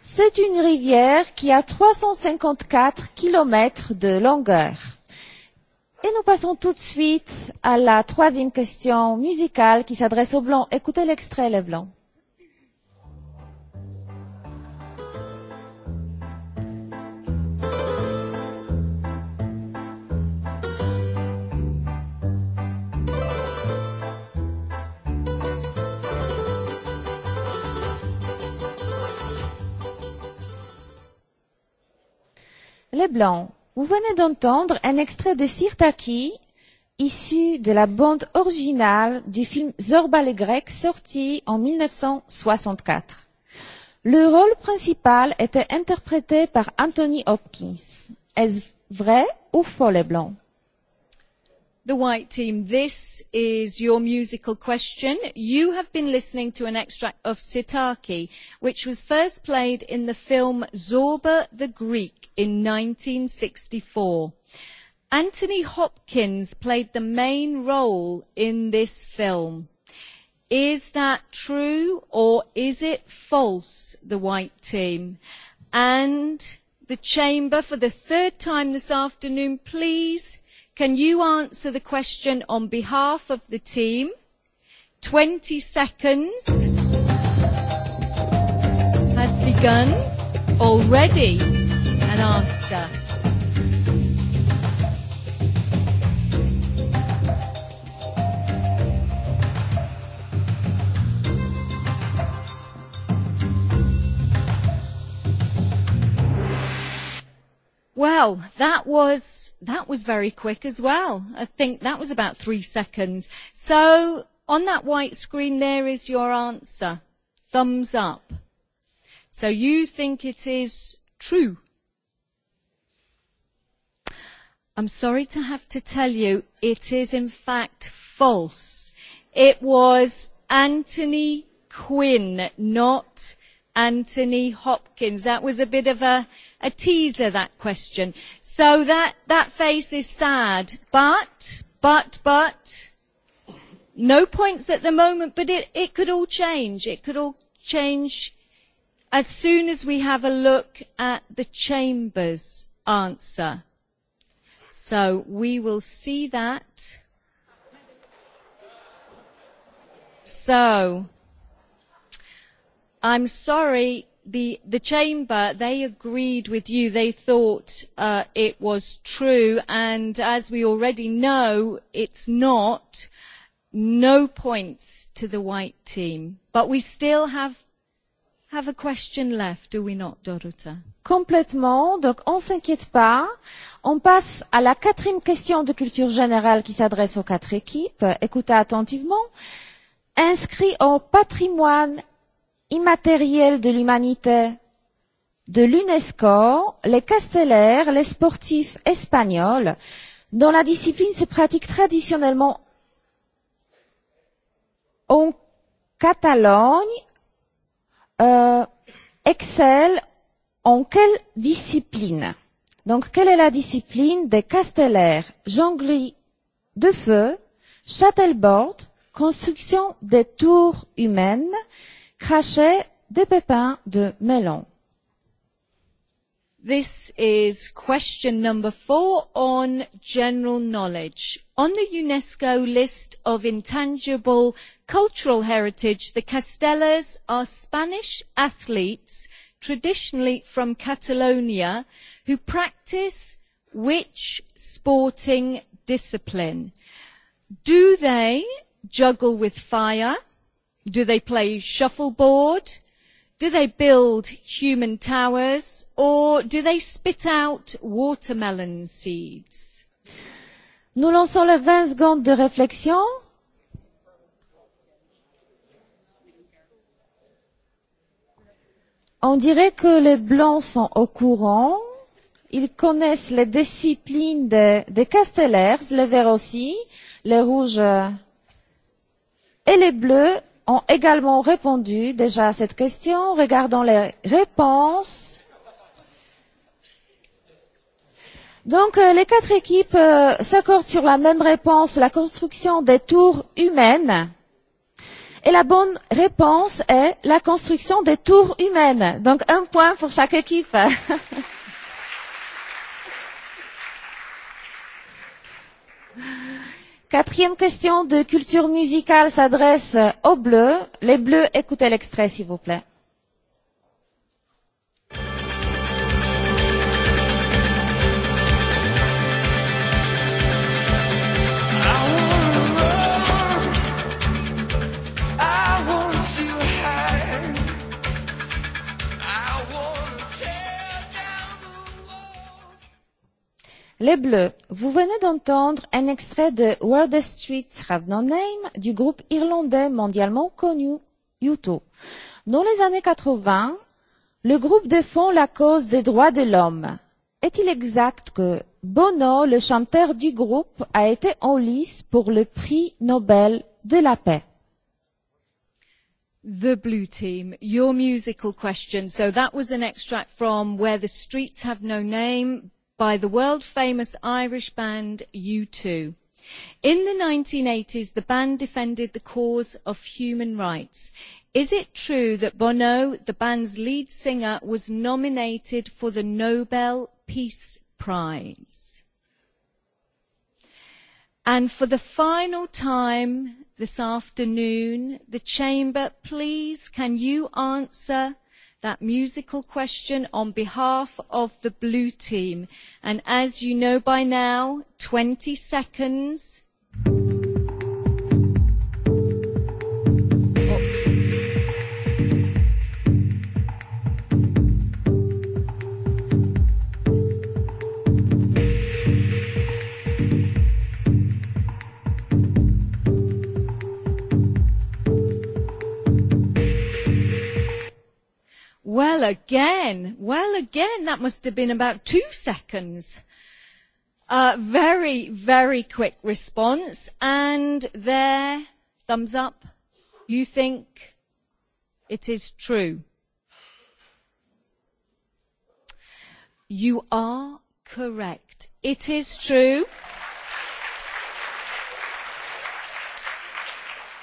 C'est une rivière qui a 354 kilomètres de longueur. Et nous passons tout de suite à la troisième question musicale qui s'adresse aux Blancs. Écoutez l'extrait, les Blancs. Les Blancs Vous venez d'entendre un extrait de Sirtaki, issu de la bande originale du film Zorba le Grec, sorti en 1964. Le rôle principal était interprété par Anthony Hopkins. Est-ce vrai ou faux les blancs The White Team, this is your musical question. You have been listening to an extract of Sitaki, which was first played in the film Zorba the Greek in 1964. Anthony Hopkins played the main role in this film. Is that true or is it false, the White Team? And the Chamber, for the third time this afternoon, please Can you answer the question on behalf of the team? 20 seconds has begun. Already an answer. Well, that was that was very quick as well. I think that was about three seconds. So on that white screen there is your answer. Thumbs up. So you think it is true. I'm sorry to have to tell you it is in fact false. It was Anthony Quinn, not Anthony Hopkins. That was a bit of a teaser, that question. So that face is sad. But, but, but, no points at the moment, but it could all change. It could all change as soon as we have a look at the Chamber's answer. So we will see that. So. I'm sorry, the the chamber they agreed with you. They thought it was true, and as we already know, it's not. No points to the white team, but we still have have a question left, do we not, Dorota? Complètement, donc on ne s'inquiète pas. On passe à la quatrième question de culture générale qui s'adresse aux quatre équipes. Écoutez attentivement. Inscrit au patrimoine immatériel de l'humanité. De l'UNESCO, les castellaires, les sportifs espagnols, dont la discipline se pratique traditionnellement en Catalogne, excelle en quelle discipline Donc, quelle est la discipline des castellaires Jonglerie de feu, châtelbord, construction des tours humaines, crachait des pépins de melon. This is question number four on general knowledge. On the UNESCO list of intangible cultural heritage, the Castellas are Spanish athletes, traditionally from Catalonia, who practice which sporting discipline? Do they juggle with fire? Do they play shuffleboard? Do they build human towers? Or do they spit out watermelon seeds? Nous lançons les 20 secondes de réflexion. On dirait que les Blancs sont au courant. Ils connaissent les disciplines des de Castellers, les Verts aussi, les Rouges et les Bleus ont également répondu déjà à cette question. Regardons les réponses. Donc, les quatre équipes s'accordent sur la même réponse, la construction des tours humaines. Et la bonne réponse est la construction des tours humaines. Donc, un point pour chaque équipe. Quatrième question de culture musicale s'adresse aux Bleus. Les Bleus, écoutez l'extrait, s'il vous plaît. Les Bleus, vous venez d'entendre un extrait de Where the Streets Have No Name du groupe irlandais mondialement connu U2. Dans les années 80, le groupe défend la cause des droits de l'homme. Est-il exact que Bono, le chanteur du groupe, a été en lice pour le prix Nobel de la paix? The Blue Team, your musical question. So that was an extract from Where the Streets Have No Name by the world famous Irish band U2. In the 1980s, the band defended the cause of human rights. Is it true that Bono, the band's lead singer, was nominated for the Nobel Peace Prize? And for the final time this afternoon, the Chamber, please, can you answer that musical question on behalf of the blue team. And as you know by now, 20 seconds. Well again, well again, that must have been about two seconds. Very, very quick response. And there, thumbs up, you think it is true. You are correct. It is true.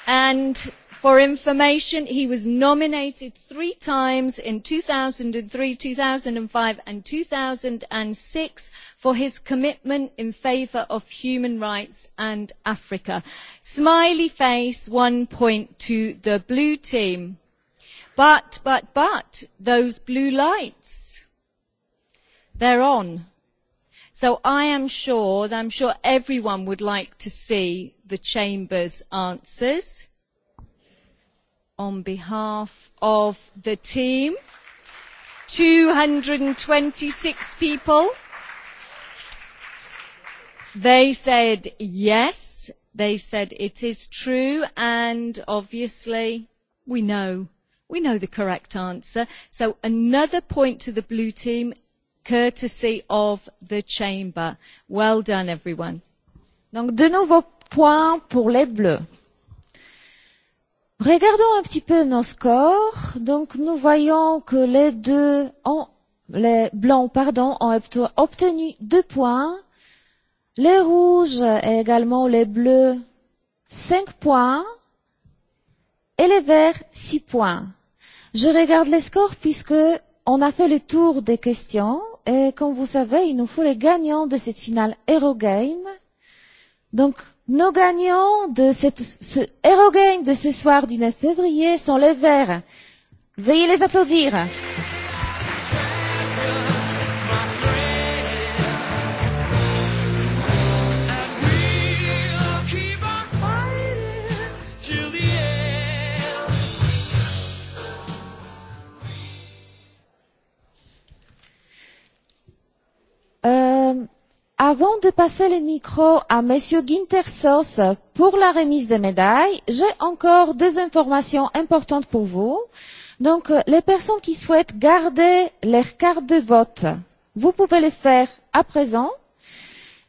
And For information, he was nominated three times in 2003, 2005 and 2006 for his commitment in favour of human rights and Africa. Smiley face, one point to the blue team. But, but, but, those blue lights, they're on. So I am sure, that I'm sure everyone would like to see the Chamber's answers on behalf of the team. 226 people. They said yes. They said it is true. And obviously, we know. We know the correct answer. So another point to the blue team, courtesy of the chamber. Well done, everyone. Donc, de nouveaux points pour les bleus. Regardons un petit peu nos scores. Donc, nous voyons que les deux ont, les blancs, pardon, ont obtenu deux points. Les rouges et également les bleus, cinq points. Et les verts, six points. Je regarde les scores puisque on a fait le tour des questions. Et comme vous savez, il nous faut les gagnants de cette finale Hero Game. Donc, Nos gagnants de cette, ce Hero Game de ce soir du 9 février sont les Verts. Veuillez les applaudir. Euh, Avant de passer le micro à Monsieur Soss pour la remise des médailles, j'ai encore deux informations importantes pour vous. Donc, les personnes qui souhaitent garder leur carte de vote, vous pouvez le faire à présent.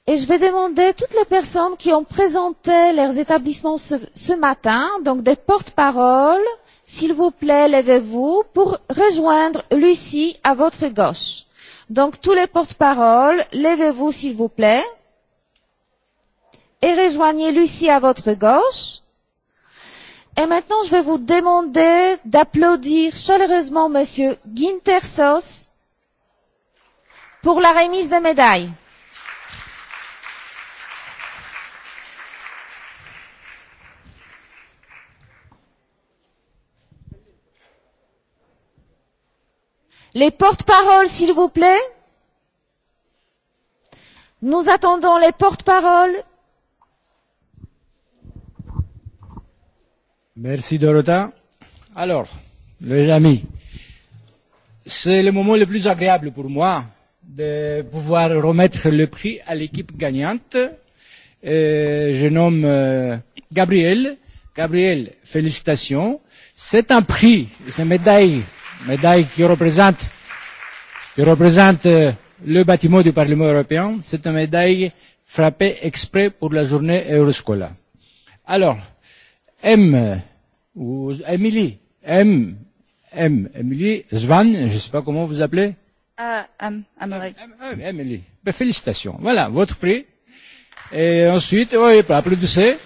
Et je vais demander toutes les personnes qui ont présenté leurs établissements ce matin, donc des porte-paroles, s'il vous plaît, levez-vous pour rejoindre Lucie à votre gauche. Donc, tous les porte-paroles, levez-vous s'il vous plaît et rejoignez Lucie à votre gauche. Et maintenant, je vais vous demander d'applaudir chaleureusement Monsieur Gintersos pour la remise des médailles. Les porte-paroles, s'il vous plaît. Nous attendons les porte-paroles. Merci, Dorota. Alors, les amis, c'est le moment le plus agréable pour moi de pouvoir remettre le prix à l'équipe gagnante. Je nomme Gabriel. Gabriel, félicitations. C'est un prix, c'est une médaille médaille qui représente, qui représente le bâtiment du Parlement européen. C'est une médaille frappée exprès pour la journée Euroscola. Alors, M, ou Emily, M, M, Emily, Svan, je ne sais pas comment vous appelez. Ah, M, Emily. félicitations. Voilà, votre prix. Et ensuite, oui, applaudissez.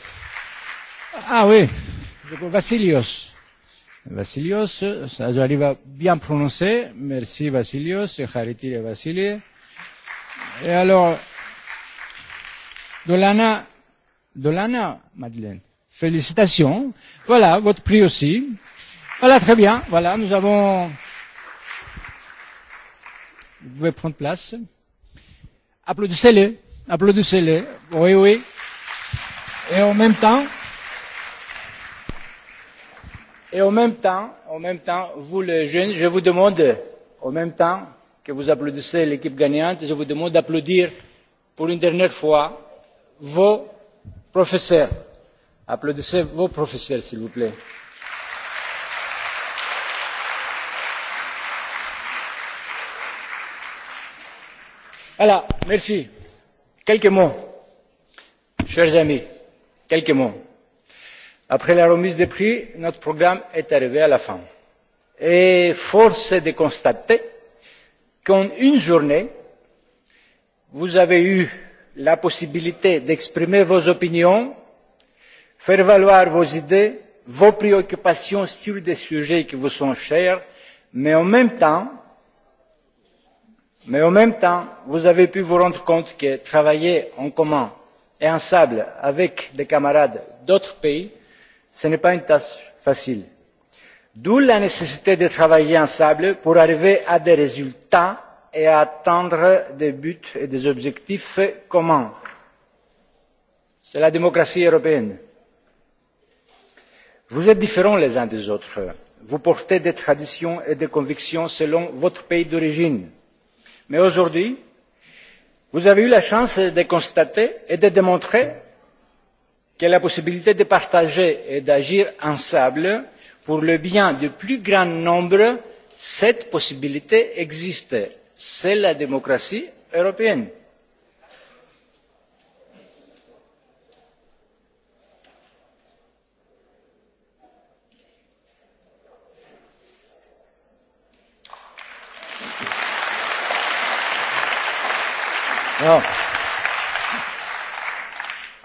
Ah oui, Vassilios. Vassilios. Ça, j'arrive à bien prononcer. Merci Vassilios, Charity et Et alors, Dolana, Dolana, Madeleine, félicitations. Voilà, votre prix aussi. Voilà, très bien. Voilà, nous avons... Vous pouvez prendre place. Applaudissez-les. Applaudissez-les. Oui, oui. Et en même temps, Et en même temps, en même temps, vous les jeunes, je vous demande, en même temps que vous applaudissez l'équipe gagnante, je vous demande d'applaudir pour une dernière fois vos professeurs. Applaudissez vos professeurs, s'il vous plaît. Voilà, merci. Quelques mots, chers amis, quelques mots Après la remise des prix, notre programme est arrivé à la fin. Et force est de constater qu'en une journée, vous avez eu la possibilité d'exprimer vos opinions, faire valoir vos idées, vos préoccupations sur des sujets qui vous sont chers, mais en même temps, mais en même temps, vous avez pu vous rendre compte que travailler en commun et ensemble avec des camarades d'autres pays, Ce n'est pas une tâche facile. D'où la nécessité de travailler ensemble pour arriver à des résultats et à atteindre des buts et des objectifs communs. C'est la démocratie européenne. Vous êtes différents les uns des autres. Vous portez des traditions et des convictions selon votre pays d'origine. Mais aujourd'hui, vous avez eu la chance de constater et de démontrer que la possibilité de partager et d'agir ensemble pour le bien du plus grand nombre, cette possibilité existe. C'est la démocratie européenne.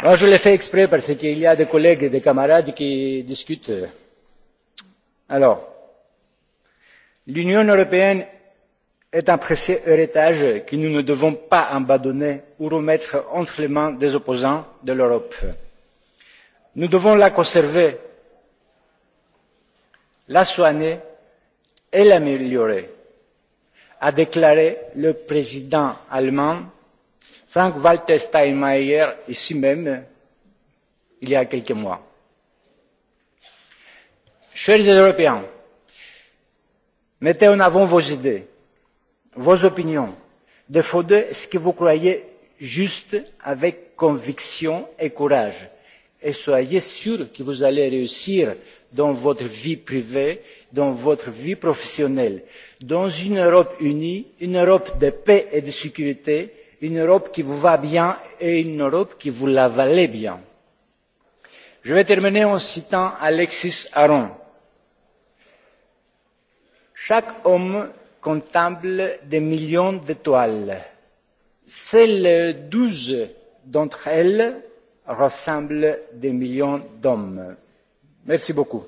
Moi, je l'ai fait exprès parce qu'il y a des collègues et des camarades qui discutent. Alors, l'Union européenne est un précieux héritage que nous ne devons pas abandonner ou remettre entre les mains des opposants de l'Europe. Nous devons la conserver, la soigner et l'améliorer, a déclaré le président allemand Frank-Walter Steinmeier, ici même, il y a quelques mois. Chers Européens, mettez en avant vos idées, vos opinions, défendez ce que vous croyez juste avec conviction et courage, et soyez sûrs que vous allez réussir dans votre vie privée, dans votre vie professionnelle, dans une Europe unie, une Europe de paix et de sécurité, une Europe qui vous va bien et une Europe qui vous la valait bien. Je vais terminer en citant Alexis Aron. Chaque homme comptable des millions d'étoiles. Seules douze d'entre elles rassemblent des millions d'hommes. Merci beaucoup.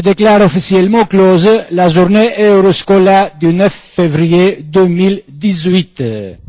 Je déclare officiellement close la journée Euroscola du 9 février 2018.